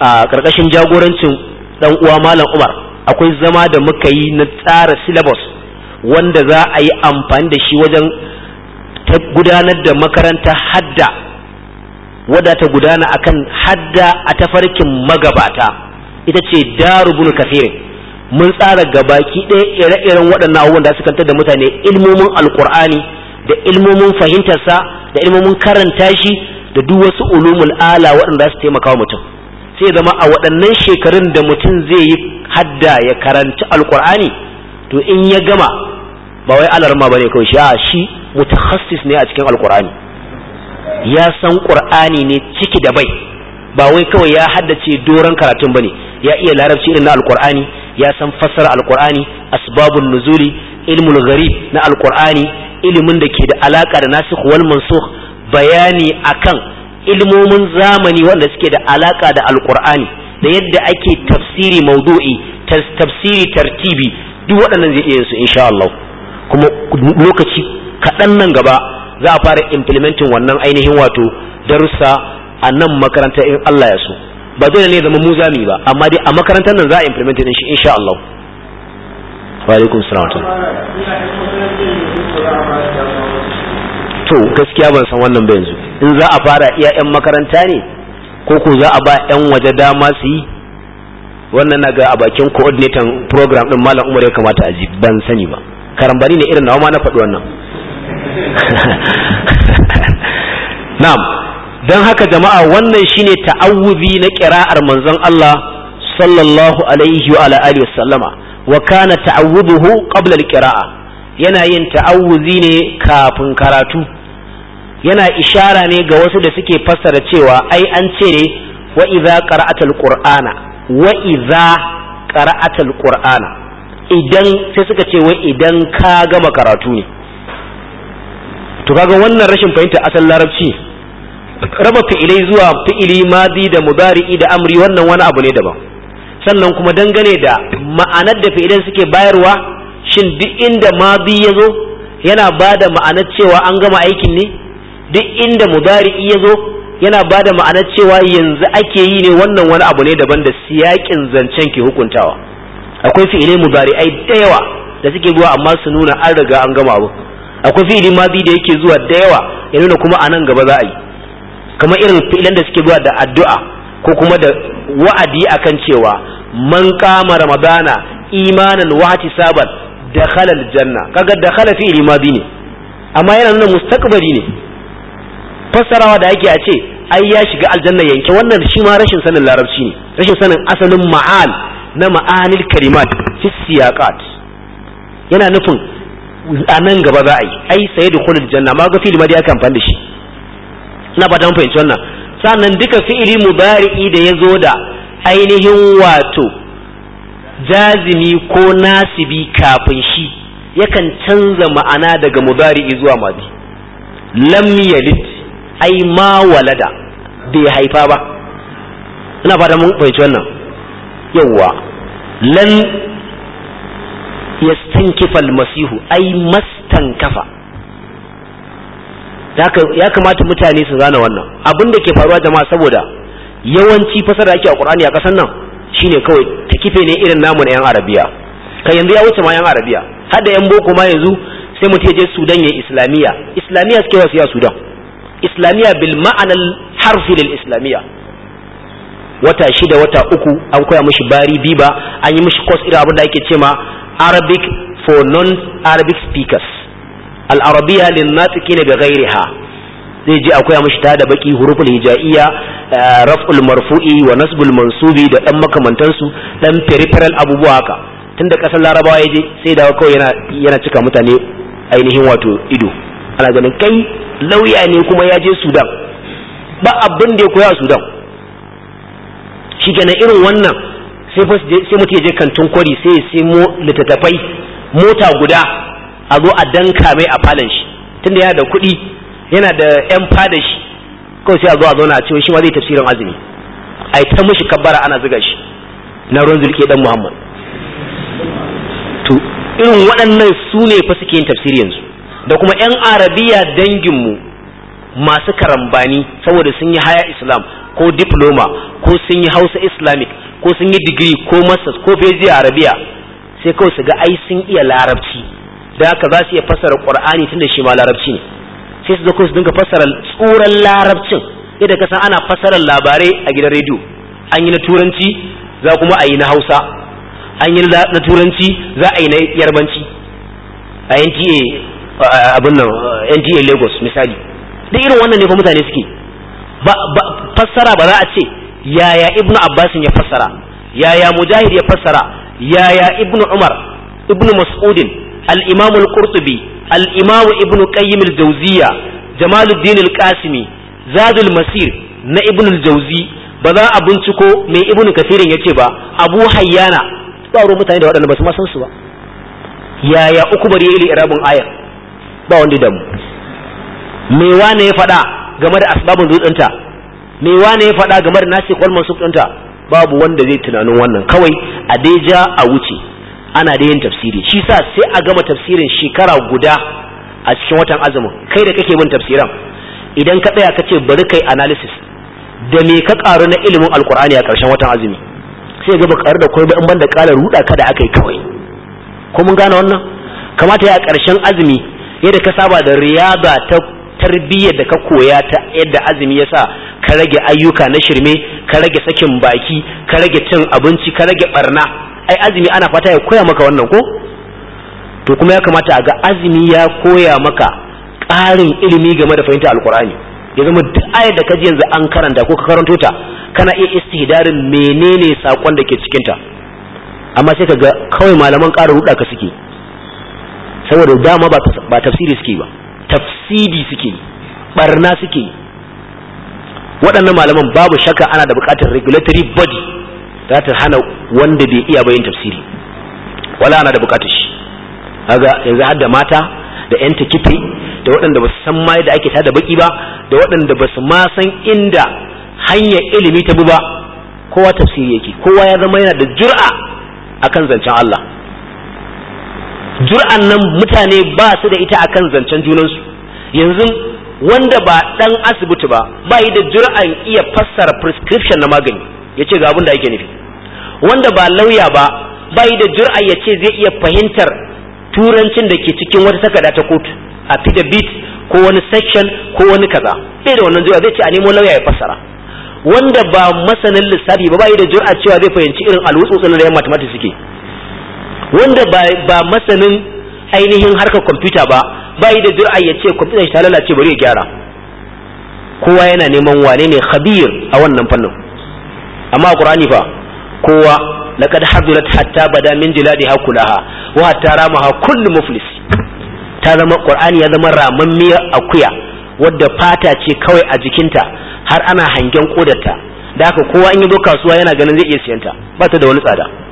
a karkashin jagorancin dan uwa malam Umar akwai zama da muka yi na tsara syllabus wanda za a yi amfani da shi wajen ta gudanar da makaranta hadda wadda ta gudana akan hadda a tafarkin magabata ita ce darubun kafirin mun tsara gabaki ɗaya ire-iren waɗannan abubuwan da suka da mutane ilmomin alkur'ani da ilmomin fahimtarsa da ilmomin karanta shi da duk wasu ulumul ala waɗanda su taimaka wa mutum sai zama a waɗannan shekarun da mutum zai yi hadda ya karanci alkur'ani to in ya gama ba wai alarma ne kawai shi mutakhassis ne a cikin alkur'ani ya san qur'ani ne ciki da bai ba wai kawai ya haddace doron karatun bane ya iya larabci irin na alkur'ani ya san fassara alkur'ani asbabun nuzuli ilmul gharib na alkur'ani ilimin da ke da alaka da nasikh wal mansukh bayani akan ilmomin zamani wanda suke da alaka da alkur'ani da yadda ake tafsiri maudu'i tafsiri tartibi duk waɗannan zai iya su insha Allah kuma lokaci kaɗan nan gaba za a fara implementing wannan ainihin wato darussa a nan makaranta in Allah ya so ba dole ne zama mu ba amma dai a makarantar nan za a implement din shi insha Allah wa alaikum salam to gaskiya ban san wannan ba yanzu in za a fara iya yan makaranta ne ko ko za a ba yan waje dama su yi wannan na ga a bakin coordinator program din malam umar ya kamata a ji ban sani ba karambani ne irin nawa ma na faɗi wannan (laughs) na'am don haka jama'a wannan shine ta'awuzi na kira'ar manzon Allah sallallahu alaihi wa ala alihi wasallama wa kana ta'awuzuhu qabla al yana yin ta'awuzi ne kafin karatu yana ishara ne ga wasu da suke fassara cewa ai an ce ne wa idza qara'atal qur'ana wa idza qara'atal qur'ana idan sai suka ce wa idan ka gama karatu ne to kaga wannan rashin fahimta asal larabci raba fi'ilai zuwa fi'ili madi da mudari'i da amri wannan wani abu ne daban sannan kuma dangane da ma'anar da fi'ilan suke bayarwa shin duk inda madi ya zo yana ba da ma'anar cewa an gama aikin ne duk inda mudari'i ya zo yana ba da ma'anar cewa yanzu ake yi ne wannan wani abu ne daban da siyakin zancen ke hukuntawa akwai fi'ilai mudari'ai da yawa da suke zuwa amma su nuna an riga an gama abu akwai fi'ili mazi da yake zuwa da yawa ya nuna kuma a nan gaba za a yi kamar irin fi'ilan da suke zuwa da addu'a ko kuma da wa'adi akan cewa man kama ramadana imanan wa da halal janna kaga halal fi'ili mazi ne amma yana nuna mustaqbali ne fassarawa da ake a ce ai ya shiga aljanna yanke wannan shi ma rashin sanin larabci ne rashin sanin asalin ma'al na ma'anil karimat, fi siyaqat yana nufin a nan gaba za a yi ai sai da kulul janna ma ga fili ma da ya kamfan da shi ina ba dan fahimci wannan sannan duka fi'ili mubari'i da ya zo da ainihin wato jazimi ko nasibi kafin shi yakan canza ma'ana daga mubari'i zuwa madi lam yalid ai ma walada bai haifa ba ina ba mun fahimci wannan yawwa lan yastankifa Masihu ai mastankafa ya kamata mutane su zana wannan abin da ke faruwa jama'a saboda yawanci fasara ake a Qur'ani a kasan nan shine kawai ta kife ne irin namu na yan Arabiya kai yanzu ya wuce ma yan Arabiya har da yan boko ma yanzu sai mutum ya je Sudan ya Islamiya Islamiya suke wasu ya Sudan Islamiya bil ma'anal harfi lil Islamiya wata shida wata uku an koya mishi bari biba an yi mishi kwas irin abin da ake ce ma Arabic for non-Arabic speakers al-arabiya ne ga gairi ha, zai ji akwai mashi ta da baki huruful hijaiya eh, raf'ul marfu'i wa nasbul mansubi da ɗan makamantansu ɗan peripheral abubuwa haka tunda ƙasar larabawa ya je sai da kawai yana cika mutane ainihin wato ido ana ganin kai lauya ne kuma ya je Sudan ba abin da ya koya Sudan Shi irin wannan sai mutu ya je kantin kwari sai sai mu littattafai mota guda a zo a danka mai a falon shi tunda yana da kuɗi yana da yan fada shi kawai sai a zo a zauna a ce shi ma zai tafsirin azumi a yi ta mashi kabbara ana zuga shi na ruwan zulke dan muhammad to irin waɗannan su ne fa suke yin tafsiri yanzu da kuma yan arabiya danginmu masu karambani saboda sun yi haya islam ko diploma ko sun yi hausa islamic ko sun yi digiri ko masters ko PhD a Arabiya sai kawai su ga ai sun iya larabci da haka za su iya fassara Qur'ani tunda shi ma larabci ne sai su zo su dinga fassara tsuran larabcin yadda ka san ana fassara labarai a gidan rediyo an yi na turanci za kuma a yi na Hausa an yi na turanci za a yi na yarbanci a NTA abin nan NTA Lagos misali da irin wannan ne fa mutane suke ba fassara ba za a ce yaya ibnu abbas ya fassara yaya mujahid ya fassara yaya ibnu umar ibnu mas'udin al-imam al-qurtubi al-imam ibnu qayyim al-jawziya jamaluddin al-qasimi zadul masir na ibnu al-jawzi ba za a binciko mai ibnu kafirin yace ba abu hayyana ba ruwan mutane da waɗanda ba su ma san su ba yaya uku bari ili irabun ayar ba wanda da mu me wane ya faɗa game da asbabun rutsanta me wane ya faɗa game da nasi kwal mansub babu wanda zai tunanin wannan kawai a daija a wuce ana da yin tafsiri shi sa sai a gama tafsirin shekara guda a cikin watan azumin kai da kake bin tafsiran idan ka tsaya ka ce bari kai analysis da me ka karu na ilimin alkur'ani a ƙarshen watan azumi sai ga bakar da kwai in banda ƙara ruda ka da aka yi kawai ko mun gane wannan kamata ya karshen azumi yadda ka saba da riyada ta tarbiyyar da ka koya ta yadda azumi yasa ka rage ayyuka na shirme ka rage sakin baki ka rage cin abinci ka rage barna ai azumi ana fata ya koya maka wannan ko to kuma ya kamata a ga azumi ya koya maka ƙarin ilimi game da fahimtar alkur'ani ya zama duk ayar da ka ji yanzu an karanta ko ka karanto ta kana iya istihdarin menene sakon da ke cikinta amma sai ka ga kawai malaman ƙara ruɗa ka suke saboda dama ba tafsiri suke ba tafsidi suke ɓarna barna suke waɗannan malaman babu shaka ana da buƙatar regulatory body za ta hana wanda bai iya bayin tafsiri wala ana da buƙatar shi kaga yanzu har da mata da yan takipe da waɗanda ba su san ma da ake tada baki ba da waɗanda ba su ma san inda hanyar ilimi ta bi ba kowa tafsiri yake kowa ya zama yana da jur'a akan zancen Allah jur'an nan mutane ba su da ita akan zancen junansu yanzu wanda ba ɗan asibiti ba ba yi da jur'an iya fassara prescription na magani ya ce ga abin da ake nufi wanda ba lauya ba ba yi da jur'an ya ce zai iya fahimtar turancin da ke cikin wata takarda ta kotu a bit ko wani section ko wani kaza bai da wannan jur'a zai ce a nemo lauya ya fassara wanda ba masanin lissafi ba ba yi da jur'a cewa zai fahimci irin alwutsotsin da yan mathematics suke wanda ba masanin ainihin harkar kwamfuta ba ba yi da jura ya ce kwamfuta shi ta lalace bari ya gyara kowa yana neman wane ne khabir a wannan fannin amma a qur'ani fa kowa laqad hadirat hatta bada min jiladi hakulaha wa hatta ramaha kullu muflis ta zama qur'ani ya zama raman ramammiyar akuya wadda fata ce kawai a jikinta har ana hangen kodarta da haka kowa in yi zo kasuwa yana ganin zai iya siyanta ba ta da wani tsada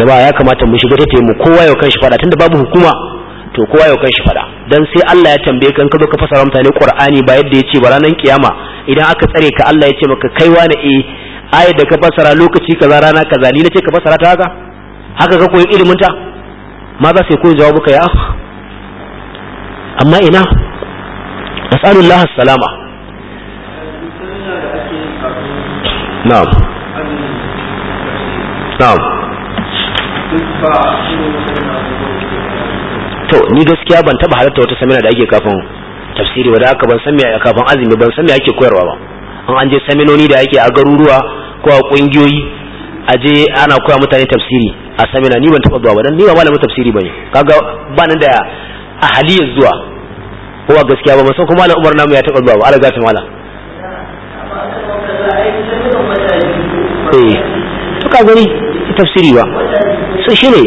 jama'a ya kamata mu shiga ta mu kowa yau kanshi fada tunda babu hukuma to kowa yau kanshi fada dan sai Allah ya tambaye kan ka zo ka fasara mutane Qur'ani ba yadda yace ba ranar kiyama idan aka tsare ka Allah ya ce maka kai wani eh ayar da ka fasara lokaci kaza rana kaza ni nace ka fasara ta haka haka ka koyi ilimin ta ma za su koyi ka ya amma ina as'alullah salama na'am na'am to ni gaskiya ban taba halarta wata samina da ake kafin tafsiri da aka ban san me kafin azumi ban san me ake koyarwa ba an an je saminoni da ake a garuruwa ko a kungiyoyi a je ana koya mutane tafsiri a samina ni ban taba zuwa ba dan ni ba malamin tafsiri bane kaga ba nan da ahaliyar zuwa ko a gaskiya ba musan kuma malam Umar namu ya taba zuwa ba alaga ta mala eh to ka gani tafsiri ba shi ne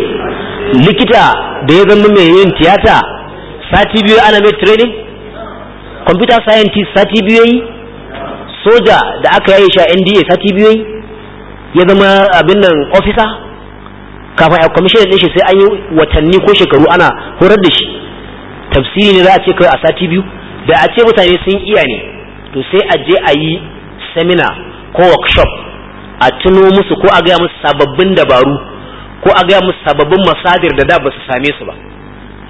likita da ya zama mai yin tiyata sati biyu ana mai training computer scientist sati biyu yi soja da aka yi sha NDA sati biyu yi ya zama abin nan officer kafin a commission din shi sai an yi watanni ko shekaru ana horar da shi tafsiri ne za a ce kawai a sati biyu da a ce mutane sun iya ne to sai a je a yi seminar ko workshop a tuno musu ko a gaya musu sababbin dabaru ko a gaya musu sababbin masadir da da ba su same su ba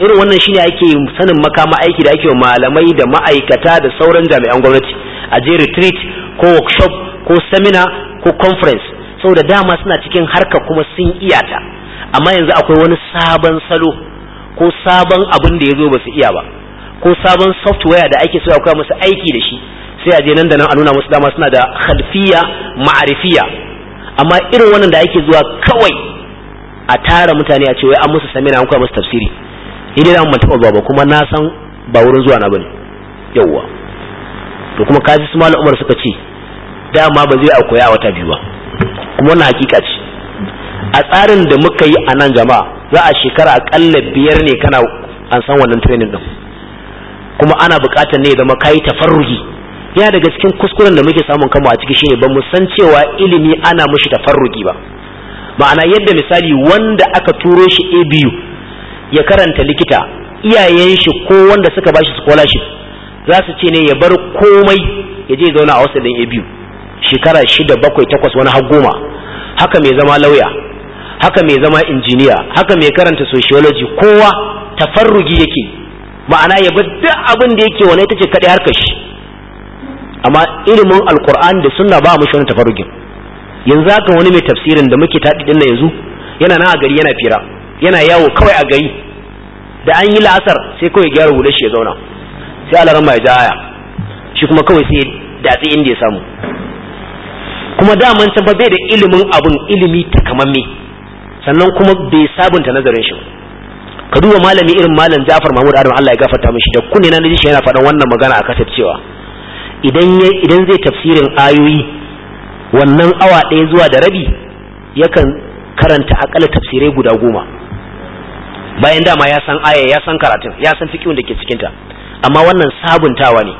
irin wannan shine ake sanin makama aiki da ake malamai da ma'aikata da sauran jami'an gwamnati a je retreat ko workshop ko seminar ko conference saboda dama suna cikin harka kuma sun iya ta amma yanzu akwai wani sabon salo ko sabon abin da ya zo ba su iya ba ko sabon software da ake so a koya musu aiki da shi sai a je nan da nan a nuna musu dama suna da khalfiya ma'arifiya amma irin wannan da ake zuwa kawai a tara mutane a ce wai an musu samina an koya musu tafsiri idan an ban taɓa kuma na san ba wurin zuwa na bane yawwa to kuma kaji su mallam umar suka ce dama ba zai a wata biyu ba kuma wannan hakika ce a tsarin da muka yi a nan jama'a za a shekara akalla biyar ne kana an san wannan training din kuma ana buƙatar ne zama kayi tafarruhi yana daga cikin kuskuren da muke samun kanmu a ciki shine ba mu san cewa ilimi ana mushi tafarruki ba ma'ana yadda misali wanda aka turo shi abu ya karanta likita iyayen shi ko wanda suka bashi scholarship za su ce ne ya bar komai ya je zauna a wasu ɗin abu shekara shida bakwai takwas wani har goma haka mai zama lauya haka mai zama injiniya haka mai karanta sociology kowa tafarrugi yake ma'ana ya bar duk abin da yake wani ita ce kaɗai harkar shi amma ilimin alkur'an da sunna ba mu shi wani tafarrugin yanzu haka wani mai tafsirin da muke taɗi ɗin yanzu yana nan a gari yana fira yana yawo kawai a gari da an yi la'asar sai kawai gyara hular shi ya zauna sai alaran ya ja aya shi kuma kawai sai datsi inda ya samu kuma daman can ba bai da ilimin abun ilimi takamamme sannan kuma bai sabunta nazarin shi ka duba malami irin malam Jafar Mahmud Adam Allah ya gafarta mishi da kunne na naji shi yana faɗan wannan magana a kasar cewa idan idan zai tafsirin ayoyi wannan awa ɗaya zuwa da rabi yakan karanta akalla tafsirai guda goma bayan dama ya san aya ya san karatun ya san fikiyun da ke cikinta amma wannan sabuntawa ne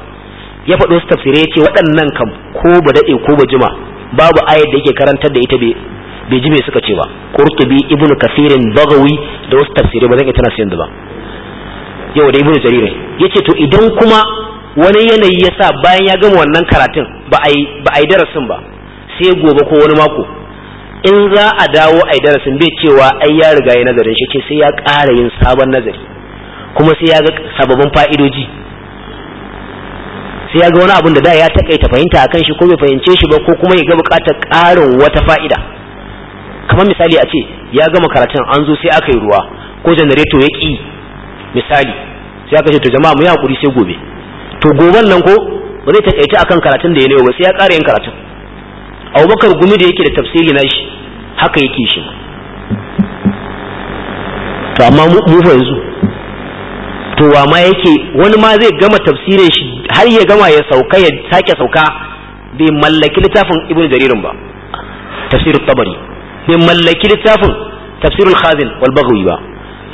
ya faɗo su tafsirai ya ce waɗannan kam ko ba daɗe ko ba jima babu ayar da yake karantar da ita bai ji suka ce ba qurtubi ibn kafirin bagawi da wasu tafsirai ba zan iya tana siyan da ba yau da ibn ya ce to idan kuma wani yanayi ya sa bayan ya gama wannan karatun ba a yi darasin ba sai gobe ko wani mako in za a dawo a darasin bai cewa ai ya riga ya nazarin shi ce sai ya ƙara yin sabon nazari kuma sai ya ga sababbin fa'idoji sai ya ga wani abin da da ya takaita fahimta akan shi ko bai fahimce shi ba ko kuma ya ga buƙatar ƙarin wata fa'ida kamar misali a ce ya gama karatun an zo sai aka yi ruwa ko janareto ya ƙi misali sai aka ce to jama'a mu yi hakuri sai gobe to goben nan ko ba zai takaita akan karatun da ya nayo ba sai ya ƙara yin karatun abubakar gumi da yake da tafsiri na shi haka yake shi to amma mu fa yanzu to wa ma yake wani ma zai gama tafsirin shi har ya gama ya sauka ya sake sauka bai mallaki littafin ibnu jaririn ba tafsir tabari bai mallaki littafin tafsir al-khazin wal baghawi ba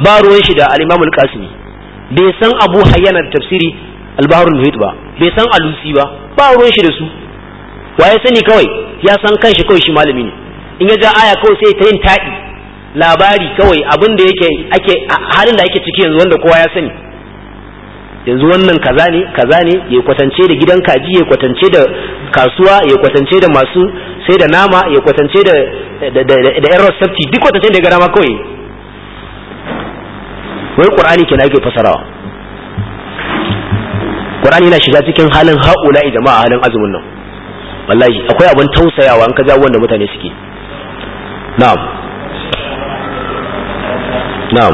ba ruwan shi da al-imam al-qasimi bai san abu hayyan tafsiri al-bahr muhit ba bai san alusi ba ba ruwan shi da su waye sani kawai ya san kanshi kawai shi malami ne in ya ja aya kawai sai ta yin taɗi labari kawai abin da yake ake halin da ake ciki yanzu wanda kowa ya sani yanzu wannan kaza ne kaza ne ya kwatance da gidan kaji ya kwatance da kasuwa ya kwatance da masu sai da nama ya kwatance da da yan rasafti duk kwatance da ya gara ma kawai wai qur'ani kenan ake fasarawa qur'ani yana shiga cikin halin haula jama'a halin azumin nan wallahi akwai abin tausayawa an ka ji abubuwan da mutane suke na'am na'am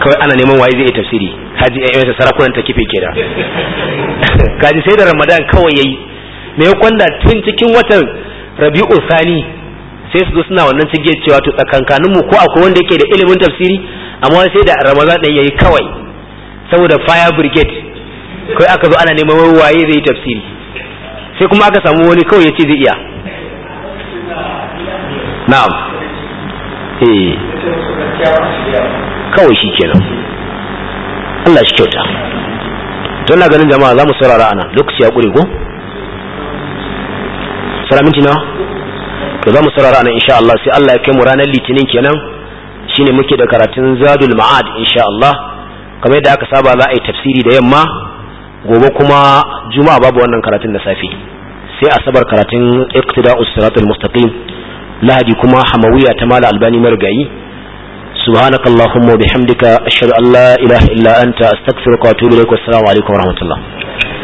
kawai ana neman waye zai yi tafsiri kaji ƴan ƴan sarakunan ta kife da. (laughs) kaji sai da ramadan kawai yayi me ya kwanda tun cikin watan rabi'u sani sai su zo suna wannan cike cewa to tsakankanin mu ko akwai wanda yake da ilimin tafsiri amma sai da ramadan din yayi kawai saboda fire brigade kai aka zo ana neman wai waye zai yi tafsiri sai kuma aka samu wani kawai yace zai iya na'am eh kawai shi kenan Allah shi kyauta don na ganin jama'a za mu saurara ana lokaci ya kure ko salaminci na to za mu saurara ana insha Allah sai Allah ya kai mu ranar litinin kenan shine muke da karatun zadul ma'ad insha Allah kamar yadda aka saba za a yi tafsiri da yamma gobe kuma juma'a babu wannan karatun na safe sai asabar karatun iqtida'us siratal mustaqim lahadi kuma hamawiya ta mala albani marigayi subhanak allahumma bihamdika ashhadu an la ilaha illa anta astaghfiruka wa atubu ilaik wa assalamu alaikum